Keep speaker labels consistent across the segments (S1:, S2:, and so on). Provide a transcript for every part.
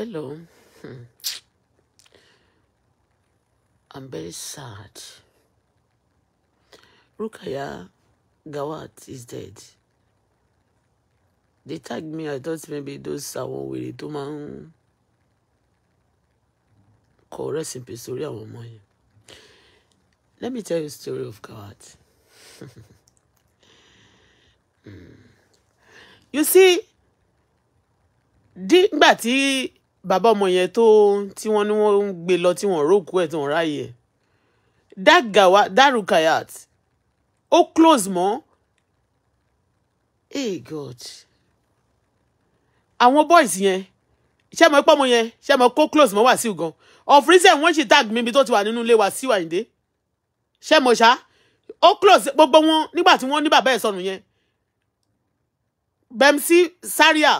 S1: Hello. Hmm. I'm very sad. Rukaya Gawat is dead. They tagged me. I thought maybe those are one do man. Correct in peace. Let me tell you a story of Gawat. mm. You see, nígbà tí bàbá ọmọ yẹn tó tí wọ́n ní wọ́n ń gbé lọ tí wọ́n rókú ẹ̀ tí wọ́n ráàyè that gawa that ó close mọ́ hey God àwọn boys yẹn ṣé mo pọ́ mo yẹn ṣé mo kó close mọ́ Wàsíù gan of recent wọ́n ṣì tag mi ibi tó ti wà nínú ilé Wàsíù Àyìndé ṣé mo ṣá ó close gbogbo wọn nígbà tí wọ́n ní bàbá ẹ̀ sọnù yẹn Bẹ́m̀sì Sáríà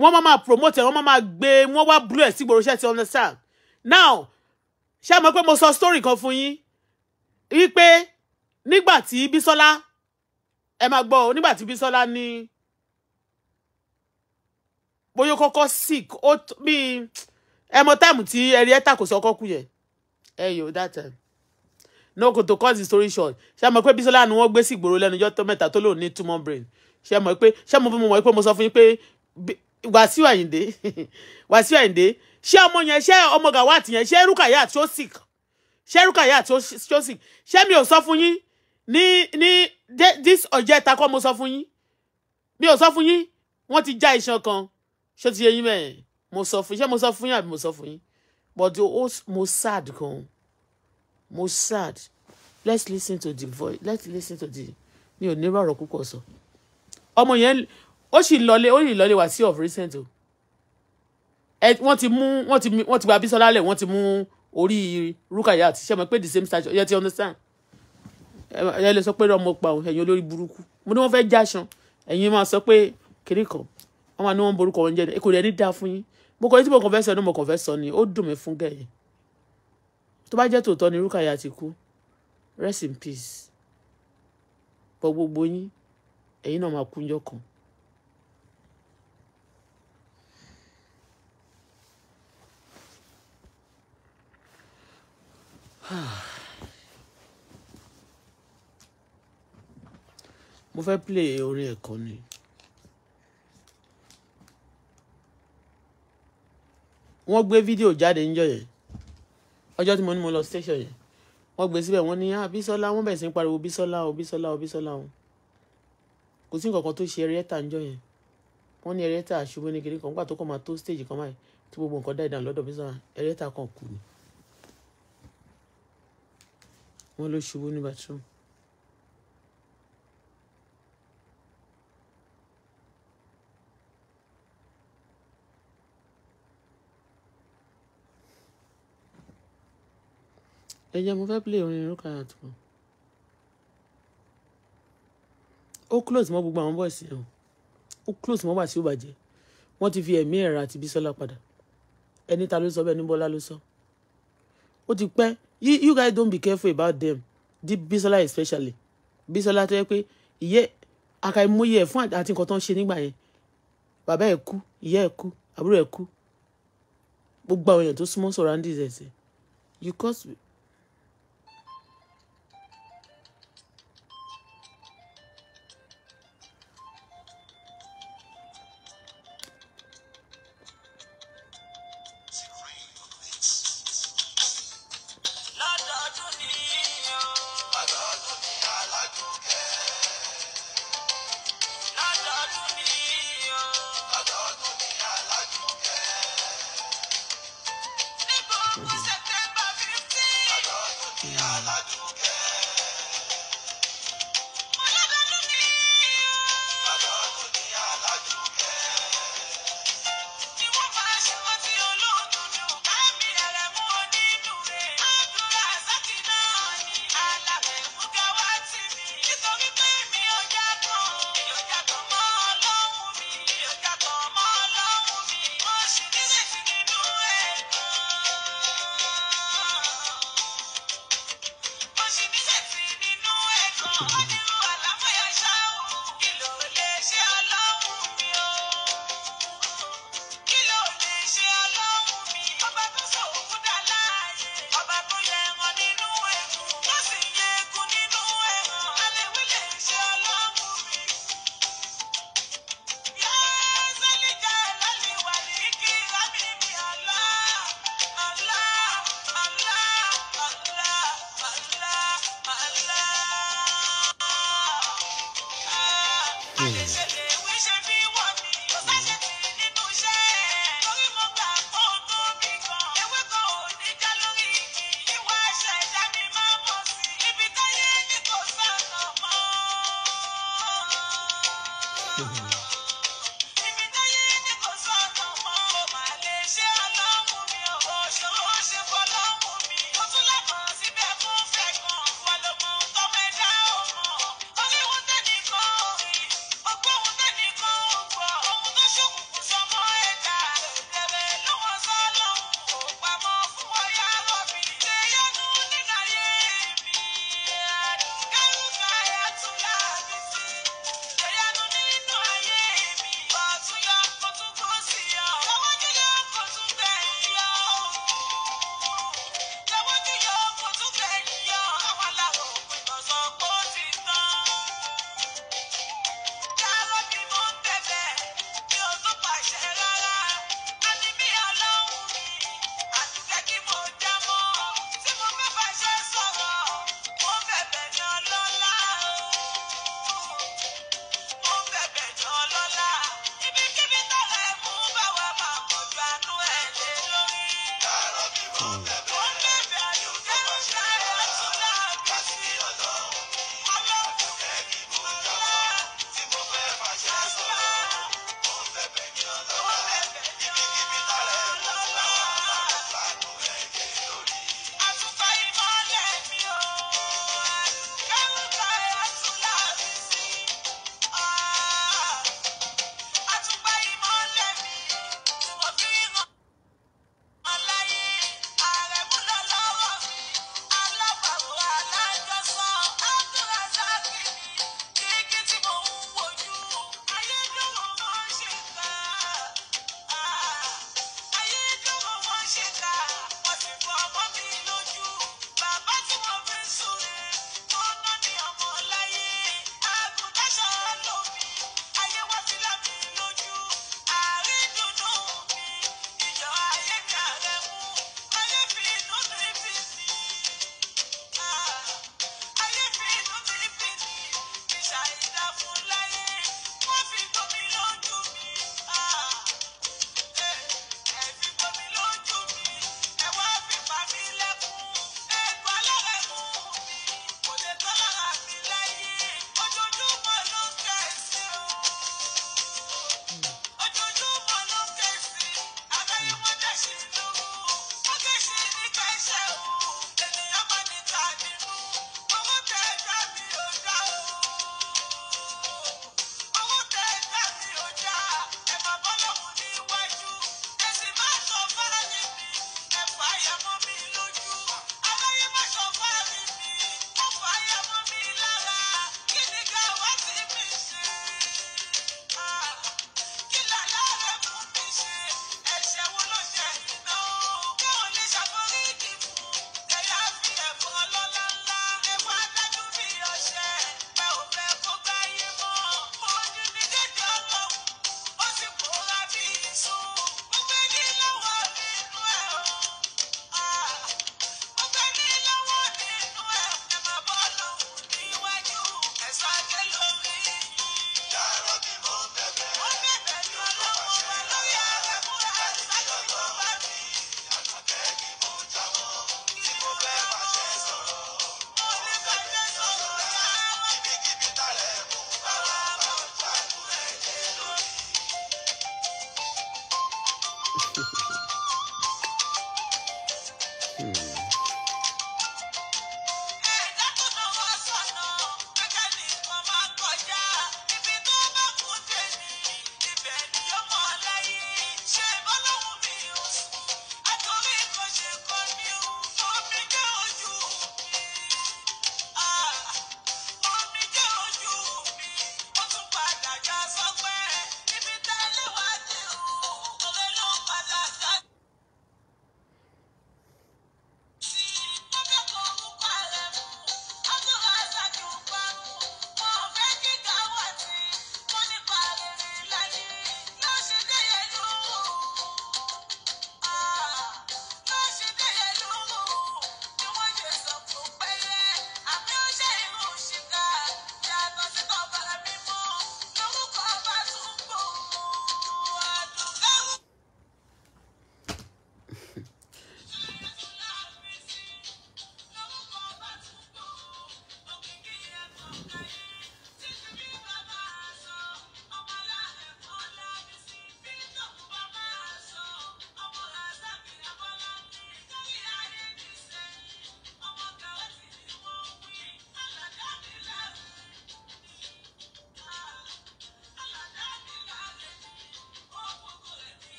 S1: wọ́n máa máa promote ẹ̀ wọ́n máa máa gbé wọ́n wá blue ẹ̀ sí gbòòrò ṣe ti understand now ṣé ẹ mọ̀ pé mo sọ story kan fún yín wípé nígbà tí Bísọ́lá ẹ máa gbọ́ ọ nígbà tí Bísọ́lá ní bóyá kọ́kọ́ sick ó bíi ẹ mọ̀ táìmù tí ẹrí ẹ tàkó sọkọ kú yẹn ẹ yòó that time no kò tó cut the story short ṣé ẹ mọ̀ pé Bísọ́lá ni wọ́n gbé sí ìgboro lẹ́nu ọjọ́ tó mẹ́ta tó lòun ní tumor brain ṣé ẹ mọ̀ pé ṣé mo fi mọ̀ pé mo sọ fún yín pé Wàsíù Àyìndé Wàsíù Àyìndé ṣé ọmọ yẹn ṣé ọmọ Gawat yẹn ṣé Rukaya tí ó sick ṣé Rukaya tí ó sick ṣé mi ò sọ fún yín ní ní this ọ̀jẹ̀ta kọ́ mo sọ fún yín mi ò sọ fún yín wọ́n ti já iṣan kan ṣé ti yẹ yín mẹ́ẹ̀ mo sọ fún yín ṣé mo sọ fún yín àbí mo sọ fún yín but ó mo sad gan mo sad let's listen to the voice let's listen to the mi ò ní rọ̀rọ̀ púpọ̀ sọ ọmọ yẹn ó sì lọlé ó sì lọlé wá sí of recent o ẹ wọ́n ti mú wọ́n ti wọ́n ti gba Bísọ́lá lẹ̀ wọ́n ti mú orí Rukayat ṣe mọ̀ pé the same statue yẹ understand ẹ lè sọ pé ọmọ pa o ẹ̀yin olórí burúkú mo ní wọ́n fẹ́ jáṣan ẹ̀yin máa sọ pé kiri kan wọ́n máa ní wọ́n borúkọ wọn jẹ́ ni èkó rẹ̀ ní dáa fún yín mo kọ ní tí mo kàn fẹ́ sọ ní mo kàn fẹ́ sọ ni ó dùn mí fún gẹ̀yìn tó bá jẹ́ tòótọ́ ni Rukayat ti kú rest in peace bọ gbogbo yín ẹ̀yin náà máa kú yọkan mo fẹ́ play orin ẹ̀kọ́ ni. wọ́n gbé fídíò jáde níjọ́ yẹn ọjọ́ tí mo ní mo lọ station yẹn wọ́n gbé síbẹ̀ wọ́n ní ah, Bísọ́lá wọ́n bẹ̀rẹ̀ sí ń pariwo Bísọ́lá o Bísọ́lá o Bísọ́lá o kò sí nǹkan kan tó ṣe ẹrẹ́ta níjọ́ yẹn wọ́n ní ẹrẹ́ta àṣubú ní kiri kan nígbà tó kọ́ máa tó stage kan báyìí tí gbogbo nǹkan dá ìdáhùn lọ́dọ̀ Bísọ́lá ẹrẹ́ta kan kù ni. wọ́n ló ṣubú ní bathroom. ẹ jẹ́ mo fẹ́ play orin Rukayat tó ó close mọ́ gbogbo àwọn bọ́ọ̀sì hàn ó close mọ́ wà tí ó bàjẹ́ wọ́n ti fi ẹ̀mí ẹ̀rà àti Bísọ́lá padà ẹni ta ló sọ bẹ́ẹ̀ ní Bọ́lá ló sọ ó ti pẹ́ you you guys don't be careful about them The Bisola especially Bisola tó yẹ pé ìyẹ àkàìmọye ẹ fun àti nǹkan tó ń ṣe nígbà yẹn bàbá ẹ kú ìyá ẹ kú àbúrò ẹ kú gbogbo àwọn èèyàn tó súnmọ́ sọ̀rọ̀ you cause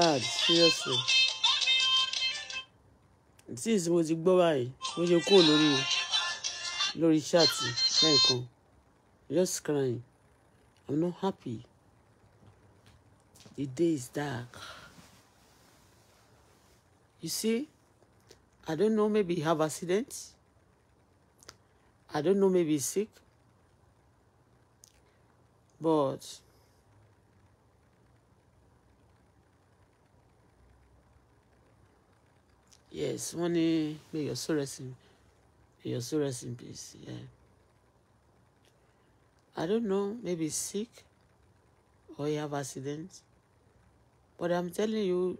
S1: sad seriously since mo ti gbọ́ báyìí mo ṣe kúrò lórí lórí ṣáàtì lẹ́ẹ̀kan just crying i'm not happy the day is dark you see i don't know maybe he have accident i don't know maybe he sick but. Yes, wọ́n ní may your soul rest in may your soul rest in peace. Yeah. I don't know, maybe sick or you have accident. But I'm telling you,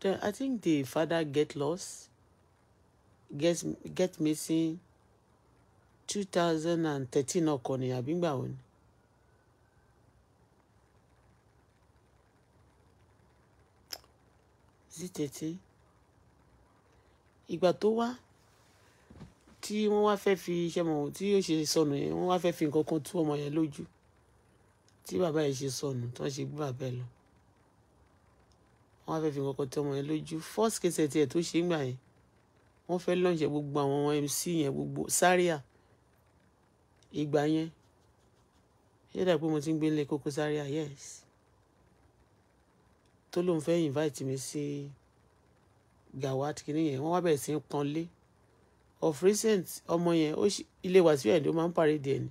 S1: the, I think the father get lost, get get missing. Two 2013 ọkọ ni àbí gbà wo ni. is it 13? ìgbà tó wá tí wọ́n wá fẹ́ fi iṣẹ́ mọ̀ tí yóò ṣe sọnù yẹn wọ́n wá fẹ́ fi nǹkan kan tú ọmọ yẹn lójú tí bàbá yẹn ṣe sọnù tí wọ́n ṣe gbé bàbá ẹ lọ wọ́n wá fẹ́ fi nǹkan kan tú ọmọ yẹn lójú first case ẹ̀ tó ṣe gbà yẹn wọ́n fẹ́ lọ́ọ̀ṣẹ̀ gbogbo àwọn MC yẹn gbogbo sáríà ìgbà yẹn ṣé dàbí pé mo ti ń gbé lé Koko Zaria yes tó lóun fẹ́ invite mi sí. Si, Gawat kìíní yẹn wọ́n wá bẹ̀rẹ̀ sí í pọ́n lé of recent ọmọ yẹn ilé Wàsíù Àyìndé ó máa ń pàrédè ẹ̀ ni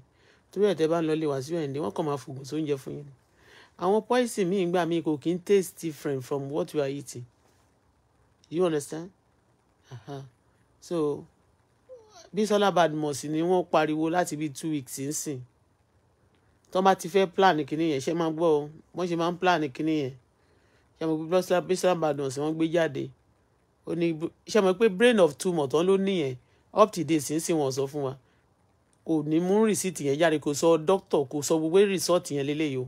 S1: torí ẹ̀ tẹ́ bá ń lọ ilé Wàsíù Àyìndé wọ́n kàn máa fògùn sóúnjẹ fún yín àwọn poison míì ń gbà kò kí ń taste different from what you are eating you understand uh-huh. so Bísọ́lá Badmus ni wọ́n pariwo láti bíi two weeks nsìn tọ́ bá ti fẹ́ plan kínní yẹn ṣe máa gbọ́ ọ wọ́n ṣe máa ń plan kínní yẹn ṣe máa gbé Bísọ́lá Badmus wọ́n gbé jáde ó ní ṣe mọ̀ pé brain of tumor tán ló níyẹn up to date sínsìn wọn sọ fún wa kò ní mú rìsíìtì yẹn jáde kò sọ doctor kò sọ gbogbo rìsọ́ọ̀tì yẹn lélẹ́yìí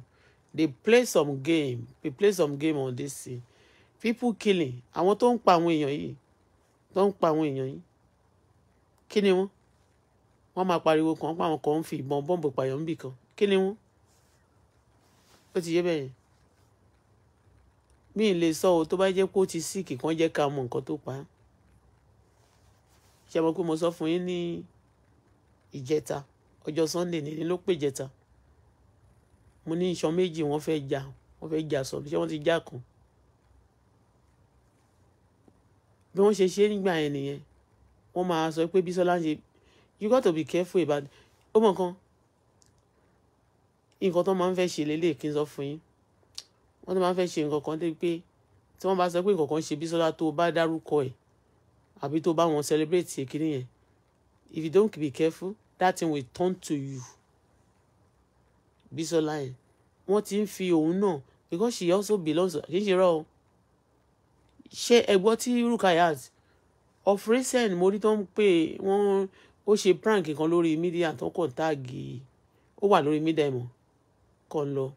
S1: they play some game they play some game on this thing people killing àwọn tó ń pa àwọn èèyàn yìí tó ń pa àwọn èèyàn yìí kí ni wọ́n wọ́n máa pariwo kan pa àwọn kan ń fi ìbọn bọ́ǹbù pààyàn níbì kan kí ni wọ́n ó ti yé bẹ́ẹ̀ yẹn mi ì lè sọ o tó bá jẹ́ pé ó ti síìkì kan jẹ́ ká mọ nǹkan tó pa á ṣe mọ̀ pé mo sọ fún yín ní ìjẹta ọjọ́ sunday nìyí ló pè jẹta mo ní ìṣàn méjì wọ́n fẹ́ jà wọ́n fẹ́ jà sọ̀rọ̀ ṣé wọ́n ti já kan bí wọ́n ṣe ṣe nígbà yẹn nìyẹn wọ́n máa sọ pé Bísọ́lá ń ṣe you got to be careful about ó mọ̀ kan nǹkan tó máa ń fẹ́ ṣe lélẹ̀ kí n sọ fún yín wọ́n tó máa ń fẹ́ ṣe nǹkan kan dé pé tí wọ́n bá sọ pé nǹkan kan ṣe Bísọ́lá tó o bá dárúkọ ẹ̀ àbí tó bá wọn celebrate èkìní yẹn if you don't be careful that thing will turn to you Bísọ́lá yẹn wọ́n ti ń fi òun náà because she also belongs kì í ṣe rọ o ṣé ẹgbọ́n tí Rukayat of recent mo rí tó ń pè wọ́n ó ṣe prank kan lórí mídíà tó kàn táàgì ó wà lórí mídíà mọ́ kàn lọ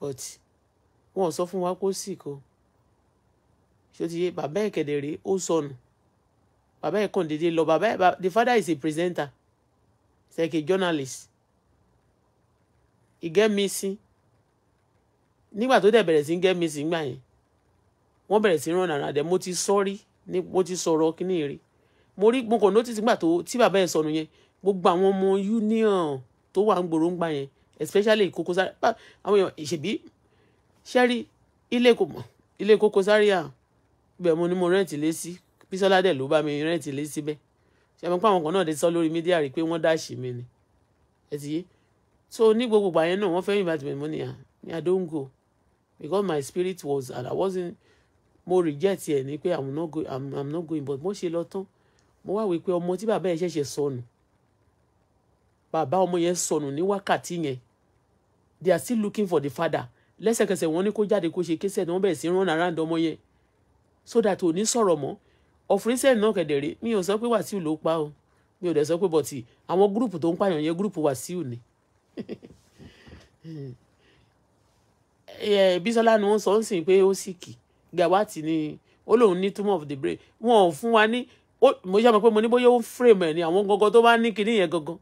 S1: but wọn ò sọ fún wa kó sì kan ṣó ti yé bàbá ẹ̀ kẹ̀dẹ̀ rèé ó sọnù bàbá ẹ̀ kàn déédéé lọ bàbá ẹ̀ the father is a presenter he's like a journalist he get missing nígbà tó dẹ̀ bẹ̀rẹ̀ sí get missing gbà yẹn wọ́n bẹ̀rẹ̀ sí ràn àrà dẹ̀ mo ti sọ́rí mo ti sọ̀rọ̀ kíní rí mo rí mo kàn notice nígbà tó tí bàbá ẹ̀ sọnù yẹn gbogbo àwọn ọmọ union tó wà ń gbòòrò ń gbà yẹn especially Koko Zaria àwọn èèyàn ìṣèbí ṣẹ́rí ilé kò mọ̀ ilé Koko Zaria ibẹ̀ mo ní mo rẹ́ǹtì lé sí Bísọ́lá dẹ̀ ló bá mi rẹ́ǹtì lé síbẹ̀ ṣe mọ́ pé àwọn kan náà dé sọ lórí mídíà rí pé wọ́n dáṣì mi ni ẹ ti yé so ní gbogbo ìgbà yẹn náà wọ́n fẹ́ invite me money ah me I don't go because my spirit was and I wasn't mo reject ẹ̀ ni pé I'm not going I'm, not going but mo ṣe lọ tán mo wá wí pé ọmọ tí bàbá yẹn ṣẹ̀ṣẹ̀ sọnù bàbá ọmọ yẹn sọnù ní wákàtí yẹn they are still looking for the father lẹ́sẹ̀kẹsẹ̀ wọ́n ní kó jáde kó ṣe késẹ̀ náà bẹ̀rẹ̀ sí rán aráàlú ọmọ yẹn so that ò ní sọ̀rọ̀ mọ́ ọ̀fíìsẹ̀ náà kẹ̀dẹ̀rẹ́ mi ò sọ pé wàsíù ló pa o mi ò dẹ̀ sọ pé bọ̀tì àwọn gúrùpù tó ń pààyàn yẹn gúrùpù wàsíù ni eh, bísọ́lá ni wọ́n sọ ń sìn pé ó sì kì gàwátì ni ó lóun ní tumor of the brain wọn ò fún wa ní mo ṣe mọ̀ pé mo ní bóyá ó ń frame ẹ̀ ni àwọn gangan tó bá ní kinní yẹn gangan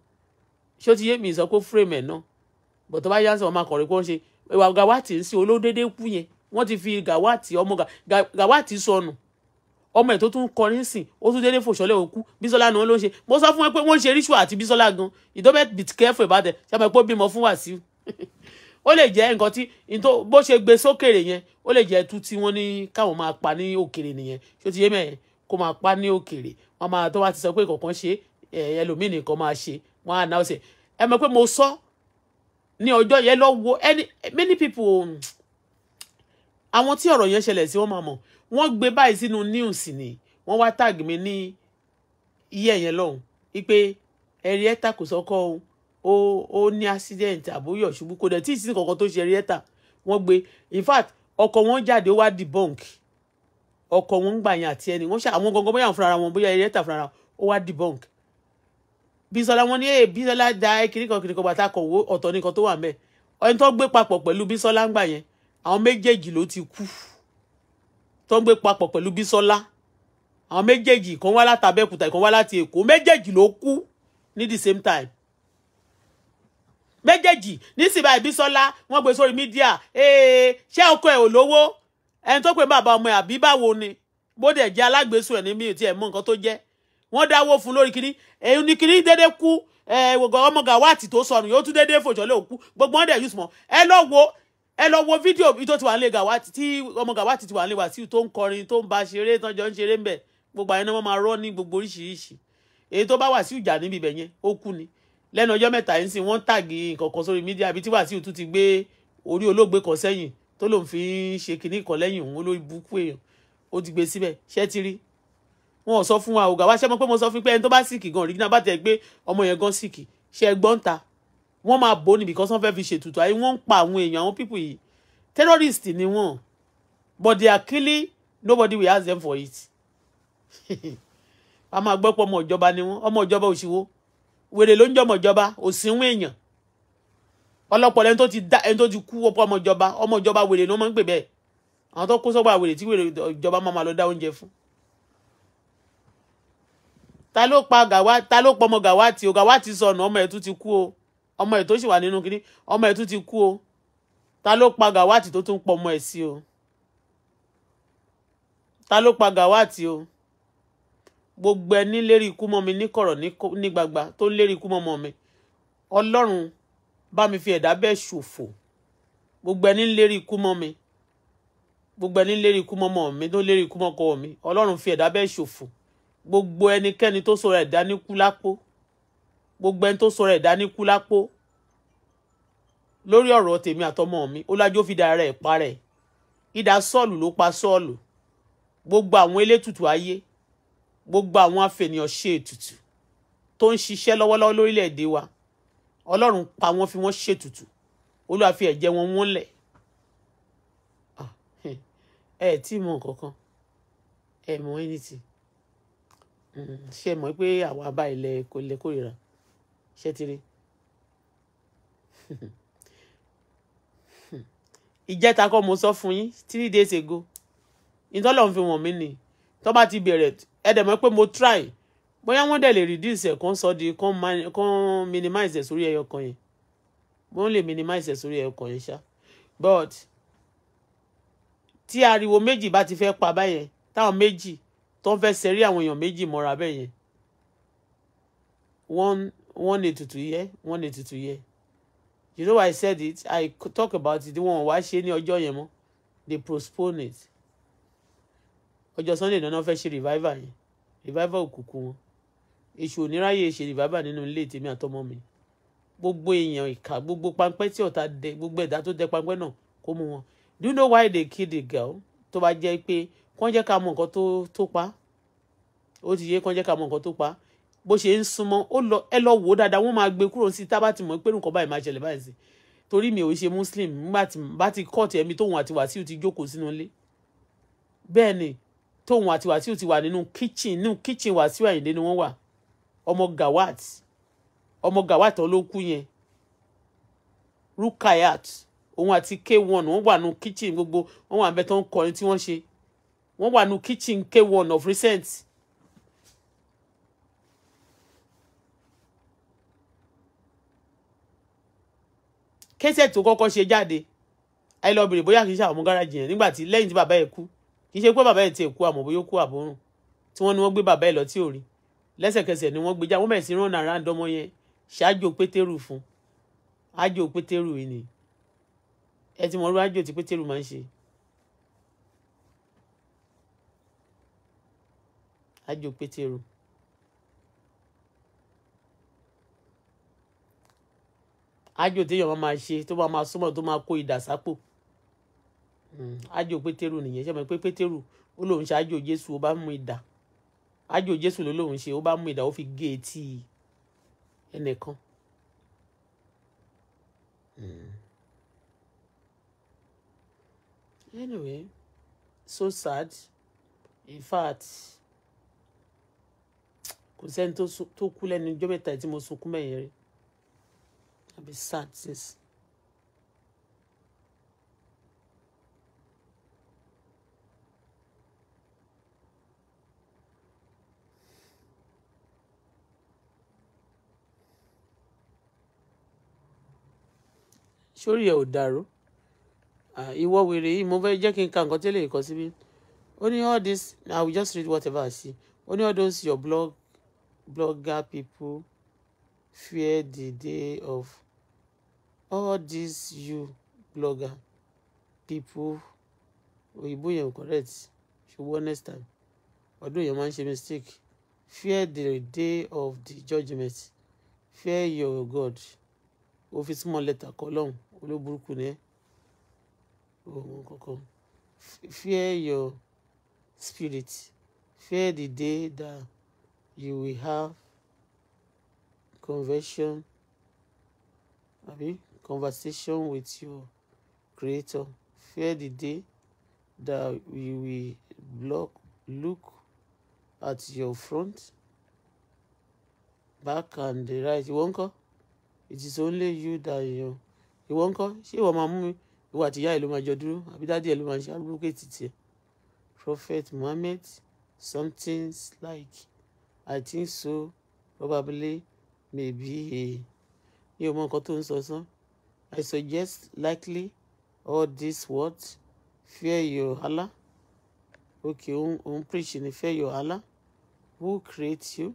S1: ṣé ó ti yé mi sọ pé ó frame ẹ̀ náà bọ̀ tó bá yá sọ ọmọ akọ̀rẹ́ pé ó ṣe Gawati ń sin olódédé kú yẹn wọ́n ti fi Gawati ọmọ Gawati sọnù ọmọ ẹ̀ tó tún kọrin sìn ó tún dédé fòṣọlẹ̀ òkú Bísọ́lá náà ló ń ṣe mo sọ fún ẹ pé wọ́n ń ṣe ritual àti Bísọ́lá gan you don't bet be careful about it ṣàmì pé ó bímọ fún Wàsíù ó lè jẹ́ nǹkan tí bó ṣe gbé sókèrè yẹn ó lè jẹ́ tú tí wọ́n ní káwọn máa pa ní òkèrè nìyẹn ṣó ti yé mẹ́yẹn kó máa pa ní òkèrè wọ́n máa tó wá ti sọ pé kọ̀ọ̀kan ṣe ẹlòmíì nìkan máa ṣe wọ́n á náà ṣe ẹ mọ̀ pé mo sọ Ni ọjọ́ yẹn lọ wo any many people àwọn tí ọ̀rọ̀ yẹn ṣẹlẹ̀ sí wọ́n máa mọ̀ wọ́n gbé báyìí sínú news ni wọ́n wá tag mi ní iye yẹn lọ́hùn wípé ẹ̀rí ẹ̀ta kò sọ́kọ́ o ó ní accident àbóyọ̀ ṣubú kò dẹ̀ tí ì sí kankan tó ṣe ẹ̀rí ẹ̀ta wọ́n in fact ọkọ̀ wọn jáde ó wá debunk ọkọ̀ wọn ń gbà yẹn àti ẹni wọ́n ṣe àwọn gangan bóyá àwọn fúnra wọn bóyá ẹ̀rí ẹ̀ta fúnra wọn debunk Bisola wọn ní èè Bísọ́lá da kíríkan kíríkan bàtà kọ̀ wó ọ̀tọ̀ nìkan tó wà mẹ́ ẹni tó gbé papọ̀ pẹ̀lú Bísọ́lá ń gbà yẹn àwọn méjèèjì ló ti kú tó ń gbé papọ̀ pẹ̀lú Bísọ́lá àwọn méjèèjì kan wá láti Abẹ́òkúta kan wá láti Èkó méjèèjì ló kú ní the same time méjèèjì nísìnyí báyìí Bísọ́lá wọ́n gbé sórí mídíà ee ṣé ọkọ ẹ̀ ò lówó ẹni tó pe bàbá ọmọ ẹ̀ àbí báwo ni bó dẹ̀ jẹ́ alágbèsù ẹ̀ ní mi ò tiẹ̀ mọ nǹkan tó jẹ́ wọ́n dáwó fún lórí kínní èyí ni kínní dédé kú gbogbo ọmọ gàwáàtì tó sọnù yóò tún dédé fòjọ́ lè kú gbogbo wọn dẹ̀ yùsùn mọ́ ẹ lọ wo ẹ lọ wo fídíò bí tó ti wà ń lé gàwáàtì tí ọmọ gàwáàtì ti wà ń lé wàsíù tó ń kọrin tó ń ba ṣeré tán jọ ń ṣeré ńbẹ gbogbo àyẹnà wọn máa rọ ní gbogbo oríṣiríṣi èyí tó bá wàsíù jà níbi ibẹ̀ yẹn ó kú ni lẹ́nu ọjọ́ mẹ́ta yìí sì wọ́n tàgì sórí mídíà àbí tí wàsíù tún ti gbé orí olóògbé kan sẹ́yìn tó lòun fi ń ṣe kinní kan lẹ́yìn òun olórí bukú èèyàn ó ti gbé síbẹ̀ ṣẹ́ ti rí wọn ò sọ fún wa ògà wá ṣe mọ pé mo sọ fún pé ẹni tó bá sìkì gan original bá tẹ̀ gbé ọmọ yẹn gan sìkì ṣe ẹgbọ́n ta wọ́n máa bò ní because wọ́n fẹ́ fi ṣètùtù ayé wọ́n ń pa àwọn èèyàn àwọn people yìí terrorist ni wọ́n but they are killing nobody will ask them for it a máa gbọ́ pé ọmọ ìjọba ni wọ́n ọmọ ìjọba òṣìwò wèrè ló ń jọmọ ìjọba òsínwó èèyàn ọlọ́pọlọ ẹni tó ti dá ẹni tó ti kú ọ̀pọ̀ ọmọ ìjọba ọmọ ìjọba wèrè ló máa ń gbè bẹ́ẹ̀ àwọn tó kó sọ́gbà wèrè tí wèrè ìjọba máa máa lọ dá oúnjẹ fún ta ló pa gàwá ta ló pọmọ gàwá tí o gàwá ti sọnù ọmọ ẹ̀ tún ti kú o ọmọ ẹ̀ tó sì wà nínú kínní ọmọ ẹ̀ tún ti kú o ta ló pa gàwá tí tó tún pọmọ ẹ̀ sí o ta ló pa gàwá tí o gbogbo ẹni lérí ikú mọ́ mi níkọ̀rọ̀ ní gbagba tó lérí ikú mọ́ mọ́ mi ọlọ́run bá mi fi ẹ̀dá bẹ́ẹ̀ ṣòfò gbogbo ẹni lérí ikú mọ́ mi gbogbo ẹni lérí ikú mọ́ mọ́ mi tó lérí ikú mọ́ kọ́ mi ọlọ́run fi ẹ̀dá bẹ́ẹ̀ ṣòfò gbogbo ẹnikẹ́ni tó sọ̀rọ̀ ẹ̀dá ní kúlápó gbogbo ẹni tó sọ̀rọ̀ ẹ̀dá ní kúlápó lórí ọ̀rọ̀ tèmi àtọmọ mi ọlájọ́ fi dára ẹ̀ parẹ́ idà sọ́ọ̀lù ló pa sọ́ọ̀lù gbogbo àwọn elétùtù ayé gbogbo àwọn afènìyàn ṣe ètùtù tó ń ṣiṣẹ́ lọ́wọ́lọ́wọ́ lórílẹ̀‐èdè wa ọlọ́run pa wọ́n fi wọ́n ṣètùtù olúwa fi ẹ̀jẹ̀ wọn múlẹ̀ ah, ẹ ẹ tí mọ nǹkan kan ẹ mọ anything ṣe mọ̀ pé àwọn abá ilẹ̀ kò lè kórìíra ṣe ti rí ìjẹta kọ́ mo sọ fún yín three days ago ìtọ́lọ̀ ń fi wọ̀n mí ni tó bá ti bẹ̀rẹ̀ ẹ dẹ̀ mọ̀ pé mo try bóyá wọ́n dẹ̀ lè reduce ẹ̀ kán sọ di kán minimize ẹ̀ sórí ẹyọ kan yẹn wọ́n lè minimize ẹ̀ sórí ẹyọ kan yẹn ṣá but tí ariwo méjì bá ti fẹ́ pa báyẹn táwọn méjì tó ń fẹ́ ṣeré àwọn èèyàn méjì mọ́ra bẹ́ẹ̀ yẹn one one ètùtù yẹ one ètùtù yẹ you know why I said it I talk about it wọn wá ṣe ní ọjọ́ yẹn mọ́ they postpone it ọjọ́ Sunday náà fẹ́ ṣe revival yẹn revival òkùnkùn wọn èṣù oníráyè ṣe revival nínú ilé tèmi àtọmọ mi gbogbo èèyàn ìka gbogbo pańpẹ́ tí ọ̀tá dẹ gbogbo ẹ̀dá tó dẹ pańpẹ́ náà kó mú wọn do you know why they kill the girl tó bá jẹ́ pé kàn jẹ́ ká mọ nǹkan tó tó pa ó ti yé kàn jẹ́ ká mọ nǹkan tó pa bó ṣe ń súnmọ́ ó lọ ẹ lọ wò ó dáadáa wọ́n máa gbé kúrò sí tábà tí mọ̀ pé nǹkan báyìí máa ṣẹlẹ̀ báyìí sí torí mi ò ṣe muslim nígbà tí bá ti kọ́ọ̀tì ẹ̀mí tóun àti wàsíù ti jókòó sínú ilé bẹ́ẹ̀ ni tóun àti wàsíù ti wà nínú kitchen nínú kitchen wàsíù àyìndé ni wọ́n wà ọmọ gawat ọmọ gawat ló kú yẹn rukayat òun àti k1 wọ́n wà nínú kitchen gbogbo wọ́n wà bẹ́ẹ̀ tó ń kọrin tí wọ́n ṣe wọ́n wà ní kitchen k1 of recent. kẹsẹ̀ tó kọ́kọ́ ṣe jáde ẹ lọ bèrè bóyá kìí ṣe àwọn ọmọ gáràjì yẹn nígbà tí lẹ́yìn tí bàbá ẹ̀ kú kìí ṣe pé bàbá ẹ̀ tiẹ̀ kú àmọ́ bóyá ó kú àbọ̀rùn tí wọ́n ní wọ́n gbé bàbá ẹ̀ lọ tí ò rí lẹ́sẹ̀kẹsẹ̀ ni wọ́n gbé já wọ́n bẹ̀rẹ̀ sí rán ara dánmọ́ yẹn ṣáájú pétérù fún ájò pétérù yìí ni ẹ ti mọ̀ rú ájò tí pétérù máa ń ṣe àjò pétérù àjò téèyàn máa máa ṣe tó máa máa súnmọ́ tó máa kó idà sápò àjò hmm, pétérù nìyẹn ṣe mọ̀ pé pétérù ó lóun ṣe àjò jésù ó bá mú idà àjò jésù ló lóun ṣe ó bá mú idà ó fi gé etí ẹnìkan. Hmm. anyway so sad in fact kò sẹ́ni tó kú lẹ́nu ọjọ́ mẹ́ta tí mo sunkún mẹ́yìn rí i be sad since. sórí ẹ ò dàrú ìwọ wèrè yìí mo fẹ́ jẹ́ kí n ka nǹkan tẹ́lẹ̀ ìkọ síbí ó ní all this i will just read whatever i see ó ní all those your blog blogger people fear the day of all these you blogger people òyìnbó yẹn correct ṣùgbọ́n next time ọdún yẹn máa ń ṣe mistake fear the day of the judgment fear your God ó fi small letter kọ́ lọ́hùn olóburúkú ni ẹ́ òun kankan fear your spirit fear the day that you will have conversion mean, conversation with your creator fear the day that you will block look at your front back and the right You won't ńkọ́ it is only you that you ìwọ ńkọ́ ṣé ìwọ máa mú mi ìwọ àti ìyá ẹ ló máa jọ dúró àbí ẹ ló máa ṣe àbúrò kejì tiẹ̀ prophet muhammed something like I think so probably maybe mi ò mọ nǹkan tó sọ sán I suggest likely all this what fear your Allah okay òun òun preach ni fear your Allah who create you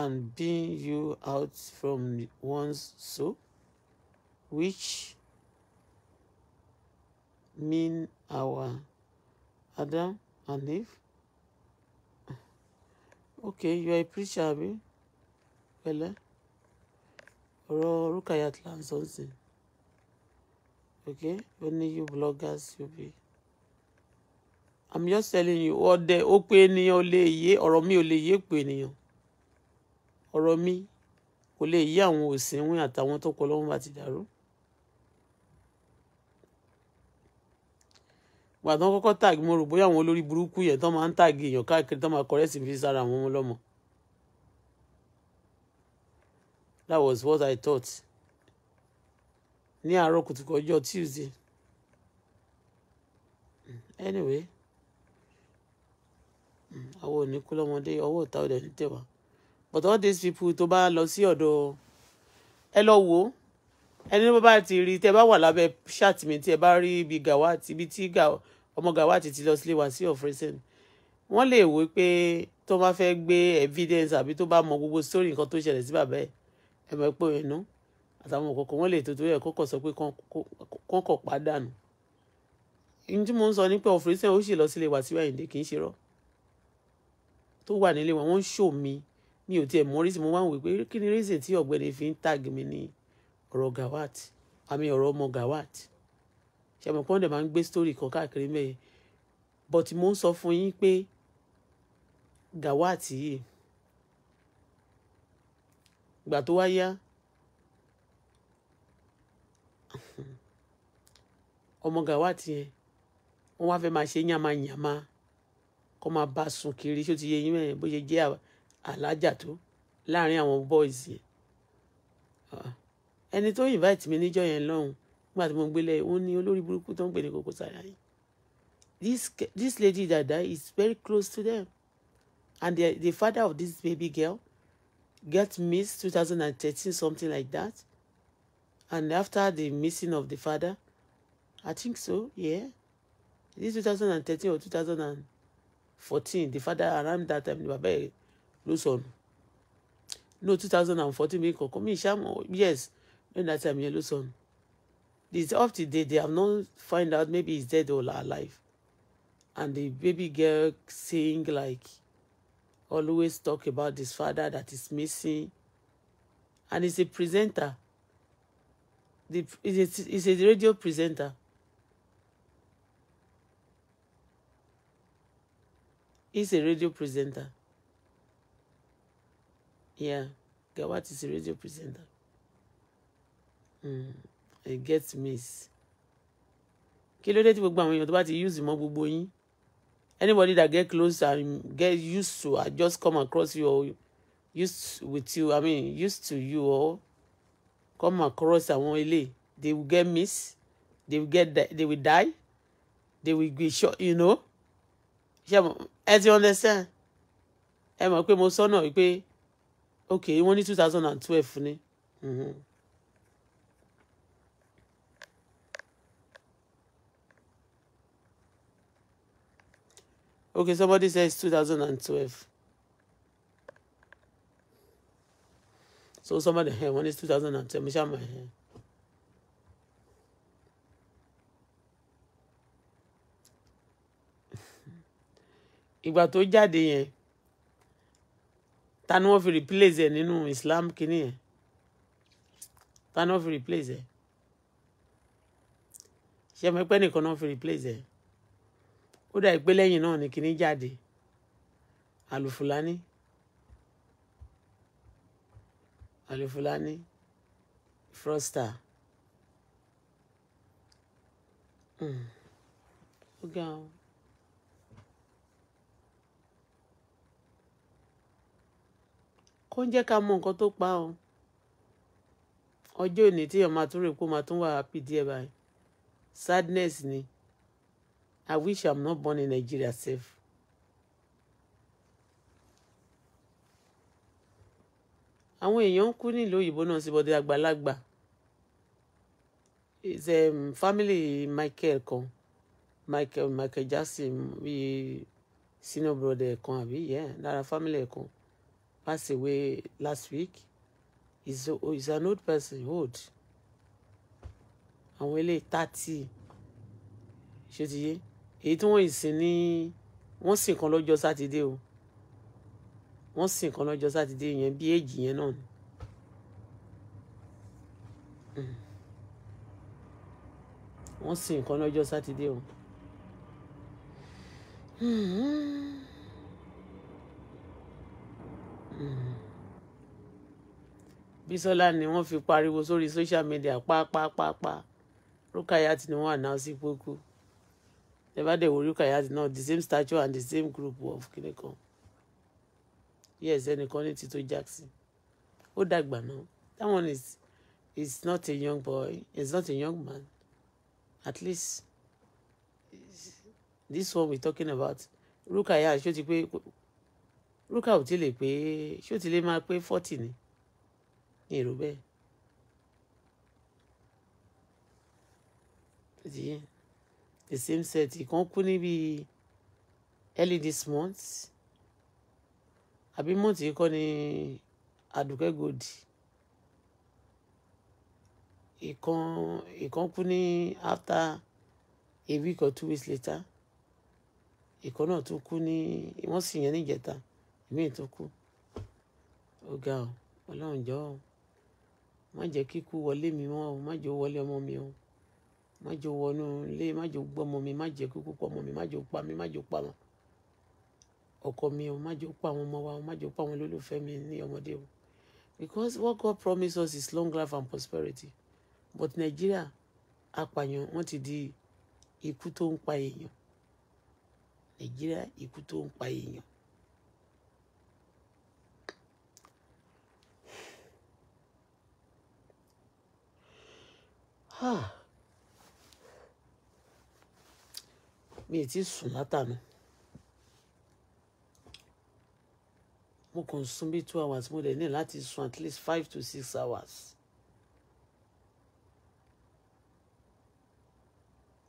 S1: and bring you out from one's so, which mean our Adam and Eve okay you are a preacher àbí pẹ̀lẹ́ ọ̀rọ̀ Rukayat là ń sọ okay when you bloggers you be i'm just telling you ọdẹ ó pé ènìyàn ò lè yé ọ̀rọ̀ mi ò lè yé pé ènìyàn ọ̀rọ̀ mi kò lè yé àwọn òsínwìn àtàwọn tó kọ lọ́wọ́ bá ti dàrú. gbà tán tag mo rò bóyá àwọn olórí burúkú yẹn tán máa ń tag èèyàn káàkiri tán máa kọrẹ́ sí fi sára àwọn ọmọ lọ́mọ. that was what i thought ní àárọ̀ kùtùkù ọjọ́ tuesday anyway àwọn ò ní kú lọ́mọdé ọwọ́ ìta ọ̀dẹ̀ ní tẹ̀wá but all these people tó bá lọ sí ọ̀dọ̀ ẹ lọ wò ó ẹni bá bá ti rí tẹ bá wà lábẹ́ ṣáàtì mi tí ẹ bá rí ibi gàwá àti ibi tí gàwá ọmọ Gawat ti lọ sílé Wasiu of recent wọ́n lè wí pé tó bá fẹ́ gbé evidence àbí tó bá mọ gbogbo story nǹkan tó ṣẹlẹ̀ sí bàbá ẹ̀ ẹ̀ mọ̀ pé òun nù àtàwọn òkọ̀ọ̀kan wọ́n lè tó torí ẹ̀ kọ́kọ́ sọ pé kọ́kọ́ pàdánù ní tí mo ń sọ ní pé of recent ó sì lọ sílé Wasiu Ayinde kì í ṣe rọ́ tó wà nílé wọn wọ́n ń ṣò mi mi ò tiẹ̀ mọ́ rísì mo wá ń wí pé kí ni reason tí ọ̀gbẹ́ni fi ń tag mi ní ọ̀rọ̀ Gawat àmì ọ̀rọ̀ ọmọ Gawat ṣẹ̀mọ̀ pọ́n dẹ̀ máa ń gbé story kan káàkiri mẹ́yìn but mo ń sọ fún yín pé Gawat yìí ìgbà tó wá yá ọmọ Gawat yẹn wọ́n wá fẹ́ máa ṣe yàmáyàmá kó máa bá sùn kiri ṣó ti yé yín mẹ́rin bó ṣe jẹ́ àlájà tó láàrin àwọn boys yẹn ah, ẹni tó invite mi níjọ́ yẹn lọ́hùn nígbà tí mo gbélé wọn ní olórí burúkú tó ń pè ní Koko Zaria this this lady dada is very close to them and the, the father of this baby girl get missed 2013 something like that and after the missing of the father I think so yeah this 2013 or 2014 the father around that time the baba ló sọnù no 2014 mi kọ̀ọ̀kan mi ìṣàmọ̀ yes lẹ́yìn that time yẹn ló sọnù This up to date, they have not find out maybe he's dead or alive. And the baby girl saying like always talk about this father that is missing. And he's a presenter. The, he's, a, he's a radio presenter. He's a radio presenter. Yeah, Gawat is a radio presenter. Mm they get miss. kí ló dé tí gbogbo àwọn èèyàn tó bá ti use mọ́ gbogbo yín anybody that get close and get used to and just come across you or used with you i mean used to you or come across àwọn ilé they will get miss. they will get they will die they will be shot you know ṣe mo ẹ ti understand ẹ mọ̀ pé mo sọ́nà wípé okay wọ́n ní two thousand and twelve ni. Mm-hmm. Okay, somebody says 2012. So somebody here, eh, when it's 2010, Michelle, my hair. ìgbà tó jáde yẹn ta ni wọ́n fi replace ẹ̀ nínú Islam kìíní yẹn ta ni wọ́n fi replace ẹ̀ ṣe mẹ́pẹ́ nìkan ni wọ́n fi replace ẹ̀ ó dà pé lẹ́yìn náà ni kinní jáde àlùfùlání àlùfùlání frosta hmm. ó ga ọ. kó ń jẹ́ ká mọ nǹkan tó pa ọ ọjọ́ òní tí èèyàn máa tún rè kó máa tún wà happy díẹ̀ báyìí sadness ni. I wish I'm not born in Nigeria safe. àwọn èèyàn ń kú nílùú òyìnbó náà síbọdé àgbàlagbà is um, family Michael kan Michael Michael Jackson bíi senior brother kan àbí yeah lára family kan pass away last week is is an old person old àwọn eléyìí thirty ṣé ti yé èyí tí wọ́n yìí sìn ní wọ́n sìn kan lọ́jọ́ sátidé o wọ́n sìn kan lọ́jọ́ sátidé yẹn bí èjì yẹn náà ni. wọ́n sìn kan lọ́jọ́ sátidé o. Bísọ́lá ni wọ́n fi pariwo sórí social media pa pa Rúkàyà tí ni wọ́n àná sí pókú. Si never dey worry kayat náà the same statue and the same group of kìnìún kan yes ẹnìkan ní Tito Jackson ó dàgbà náà that one is is not a young boy is not a young man at least this one we're talking about Rukayat ṣó ti pé Ruka ò ti lè pé ṣó ti lè máa ni ní èrò bẹ́ẹ̀ the same set ìkan kú níbi early this month àbí mọ́ǹtì yìí kọ́ ni àdùkẹ́ gòdì ìkan ìkan kú ní after a week or two weeks later ìkan náà tún kú ní wọ́n sì yẹn níjẹta ìmíì tún kú ó ga ọ ọlọ́run jọ̀ọ́ má jẹ́ kíkú wọlé mi mọ́ ọ má jẹ́ wọlé ọmọ mi o má wọnú ilé má jò gbọ́mọ mi má kúkú pọ̀ ọmọ mi má pa mi má pa wọn ọkọ mi o má pa àwọn ọmọ wa o má pa àwọn olólùfẹ́ mi ní ọmọdé o because what God promise us is long life and prosperity but Nigeria apààyàn wọ́n ti di ikú tó ń pa èèyàn Nigeria ikú tó ń pa èèyàn. Huh. Ah. mi ì tí sùn látànà mo kàn sùn bí two hours mo dẹ̀ ní láti sùn at least five to six hours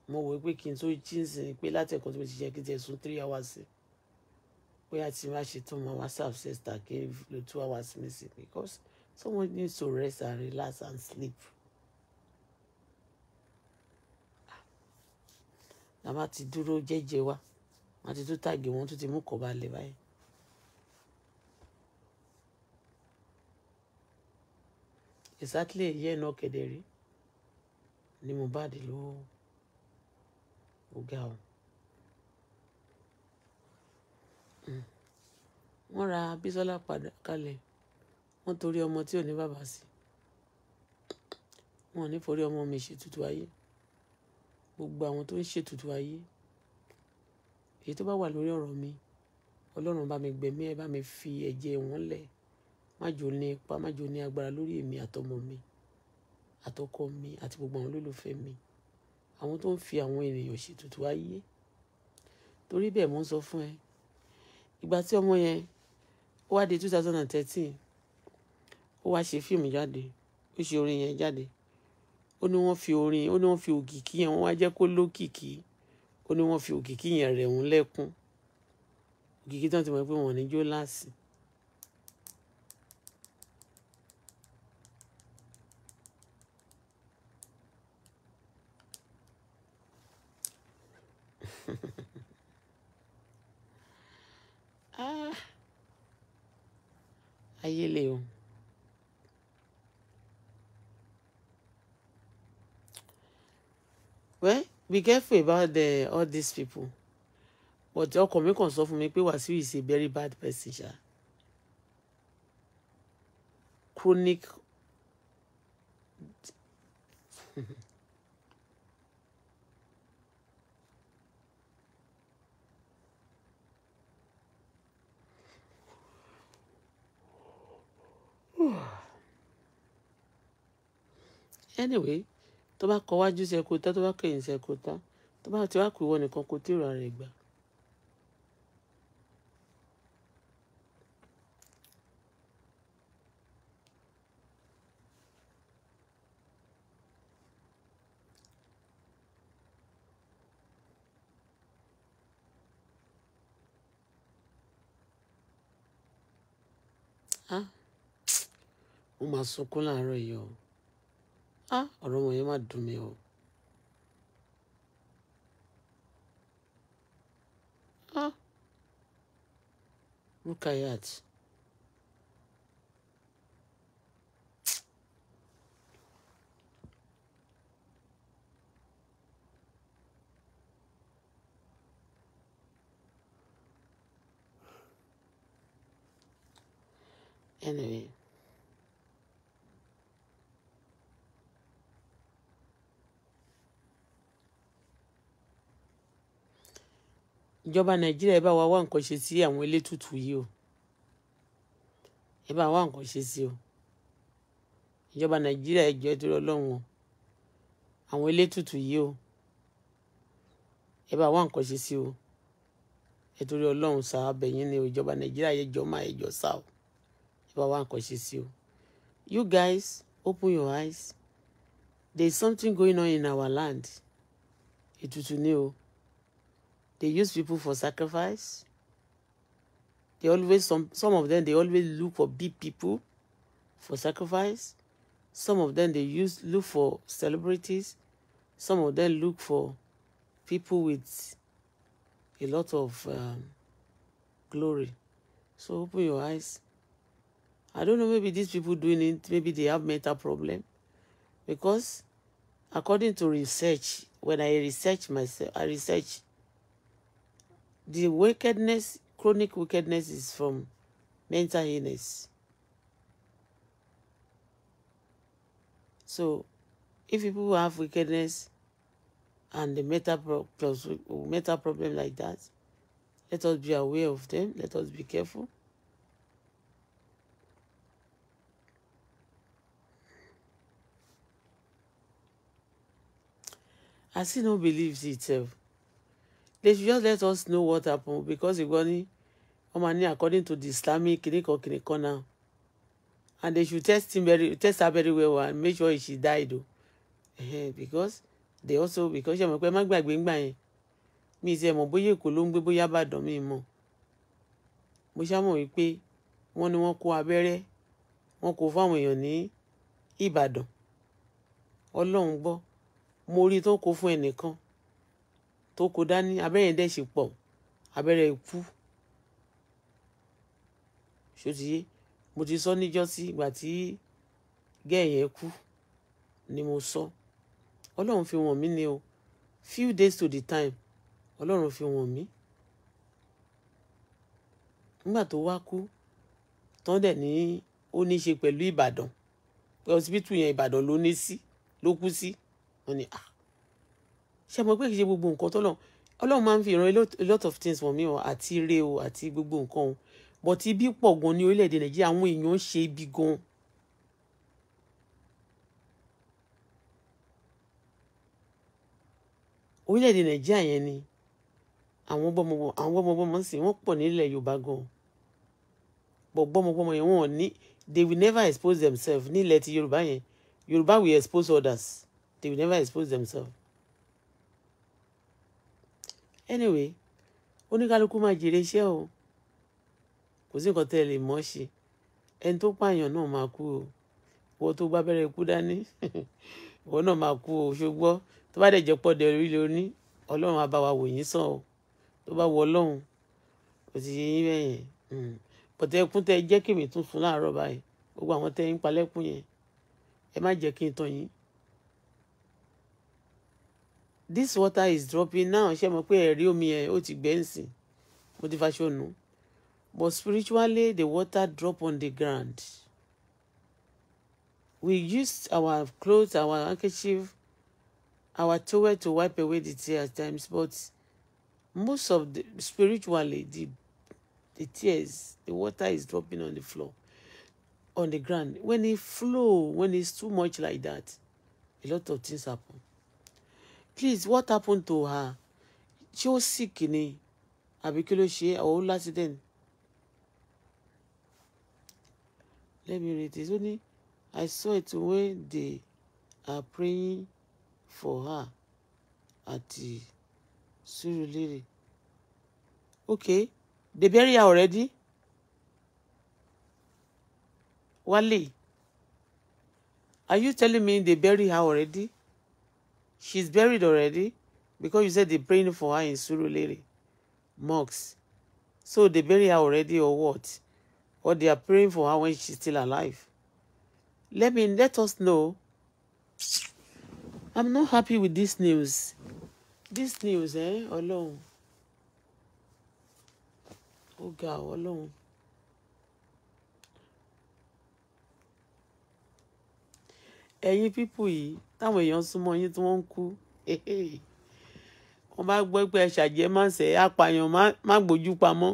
S1: mo wò pé kí n tó jí nsìn pé láti ẹ̀kọ́ tó ti jẹ́ kí n tẹ̀ sùn three hours bóyá tí n bá ṣe tán mo wá self-sexta kí two hours missing because someone needs to rest and relax and sleep. la bá ti dúró jẹ́jẹ́ wa wọ́n ti tún tàgé wọn tún ti mú kọ́ balẹ̀ báyìí. exactly èyí ẹ̀ náà kẹ̀dẹ̀ rí ni Mohbad ló ọ̀gá o. Hmm. wọ́n ra Bísọ́lá padà kalẹ̀ wọ́n torí ọmọ tí ò ní bàbá sí wọn ò ní forí ọmọ mi ṣètùtù ayé gbogbo àwọn tó ń ṣètùtù ayé èyí tó bá wà lórí ọ̀rọ̀ mi ọlọ́run bá mi gbẹ̀mí ẹ bá mi fi ẹ̀jẹ̀ wọn lẹ̀ májò ní ipa májò ní agbára lórí èmi àtọmọ mi àtọkọ mi àti gbogbo àwọn olólùfẹ́ mi àwọn tó ń fi àwọn ènìyàn ṣètùtù ayé torí bẹ́ẹ̀ mo ń sọ fún ẹ ìgbà tí ọmọ yẹn ó wá di two thousand and thirteen ó wá ṣe fíìmù jáde ó ṣe orin yẹn jáde ó ní wọ́n fi orin ó ní wọ́n fi òkìkí yẹn wọ́n wá jẹ́ kó lókìkí ó ní wọ́n fi òkìkí yẹn rẹ̀ ń lẹ́kún òkìkí tán ti mọ̀ pé wọ́n ní jó ah! ayé le o. well be careful about the, all these people but ọkọ mi kàn sọ fún mi pé Wasiu is a very bad person ṣá chronic anyway tó bá kọ wájú sí ẹkọ tá tó bá kẹ̀yìn sí ẹkọ tá tó bá ti wá kú ìwọ nìkan kò tí rẹ gbà. mo máa sunkún láàárọ̀ yìí o á ah. ọ̀rọ̀ ọmọ yẹn má dùn mí o á ah. Rukayat anyway. ìjọba nàìjíríà ẹ bá wa wá nǹkan ṣe sí àwọn elétùtù yìí o ẹ bá wa nǹkan ṣe sí o ìjọba nàìjíríà ẹ jọ̀ọ́ torí Ọlọ́run o àwọn elétùtù yìí o ẹ bá wa nǹkan ṣe sí o ẹ torí Ọlọ́run sá abẹ̀yìn ni ìjọba nàìjíríà ẹ jọ̀ọ́ máa ẹ sá o ẹ bá wa nǹkan ṣe sí o you guys open your eyes there is something going on in our land ètùtù ni o. They use people for sacrifice. They always some some of them they always look for big people for sacrifice. Some of them they use look for celebrities. Some of them look for people with a lot of um, glory. So open your eyes. I don't know, maybe these people doing it, maybe they have mental problem. Because according to research, when I research myself, I research The wickedness, chronic wickedness is from mental illness. So, if people have wickedness and the mental, plus, mental problem like that, let us be aware of them. Let us be careful. I still no believe itself. Eh? they should just let us know what happened because ìwọ ni wọ́n according to the islamic kìnìkan kìnìkan now and they should test him very test her very well and make sure she died o because they also because ṣe a pé má gbàgbé ńgbà yẹn mi ti ẹ̀ mọ̀ bóyá èkó ló ń gbé bóyá àbàdàn mi mọ̀ mo ṣàmọ̀ wípé wọ́n ní wọ́n kó abẹ́rẹ́ wọ́n kó fáwọn èèyàn ní ìbàdàn ọlọ́run gbọ́ mo rí tó kó fún ẹnìkan tó kó dání abẹ́rẹ́ yẹn dẹ̀ ṣe pọ̀ abẹ́rẹ́ ikú ṣòtìyé mo ti sọ níjọ́sí ìgbà tí gẹ́ẹ̀yẹn kú ni mo sọ ọlọ́run fi wọ̀n mí ni o few days to the time ọlọ́run fi wọ̀n mí nígbà tó wá kú tán dẹ̀ ní ó ní í ṣe pẹ̀lú ìbàdàn pé ọsibítù yẹn ìbàdàn ló ní sí ló kú sí wọn ni ah ṣe mọ̀ pé kì í ṣe gbogbo nǹkan tó lọ ọlọ́run máa ń fi ìran a lot of things for me o àti ire o àti gbogbo nǹkan o but ibi pọ̀ gan ní orílẹ̀-èdè nàìjíríà àwọn èèyàn ń ṣe ibi gan. orílẹ̀-èdè nàìjíríà yẹn ni àwọn gbọ́mọgbọ́mọ àwọn gbọ́mọgbọ́mọ sì wọ́n pọ̀ nílẹ̀ yorùbá gan but gbọ́mọgbọ́mọ yẹn wọ́n ní they will never expose themselves nílẹ̀ ti yorùbá yẹn yorùbá will expose others they will never expose themselves anyway oníkálukú máa jèrè iṣẹ́ o kò sí nǹkan tẹ́ ẹ lè mọ̀ ṣe ẹni tó pààyàn náà máa kú o ìwọ tó gbá abẹ́rẹ́ ikú dání ìwọ náà máa kú o ṣùgbọ́n tó bá dẹ̀ jẹ́ pọ̀ dẹ̀ orí lóní ọlọ́run á wa wò yín sàn o tó bá wọ ọlọ́run kò sì yín bẹ́yẹn pọ̀tẹ́ hmm. ẹkún tẹ jẹ́ kí èmi tún sun láàárọ̀ báyìí gbogbo àwọn tẹ́ ń palẹ́kún yẹn ẹ má jẹ́ kí n tàn yín this water is dropping now ṣé mo pé ẹ̀rí omi ẹ̀ ó ti gbẹ́ǹsì mo ti faṣọ nù but spiritually the water drop on the ground we used our clothes our handkerchief our towel to wipe away the tears times but most of the spiritually the the tears the water is dropping on the floor on the ground when it flow when it's too much like that a lot of things happen please what happened to her She was sick ni Abi kí she? Or or l'accident let me read this ó i saw it when they are praying for her at Surulere okay they bury her already Wale are you telling me they bury her already she's buried already because you said they praying for her in Surulere mosque. So they bury her already or what? Or they are praying for her when she's still alive. Let me let us know. I'm not happy with this news. This news, eh? Ọlọ́run. Oh God, ọ, Ọlọ́run. ẹ̀yin pípù yìí táwọn èèyàn súnmọ́ yín tí wọ́n ń kú wọ́n bá gbọ́ pé ẹ ṣàjẹ́ ṣe apààyàn má gbójú pamọ́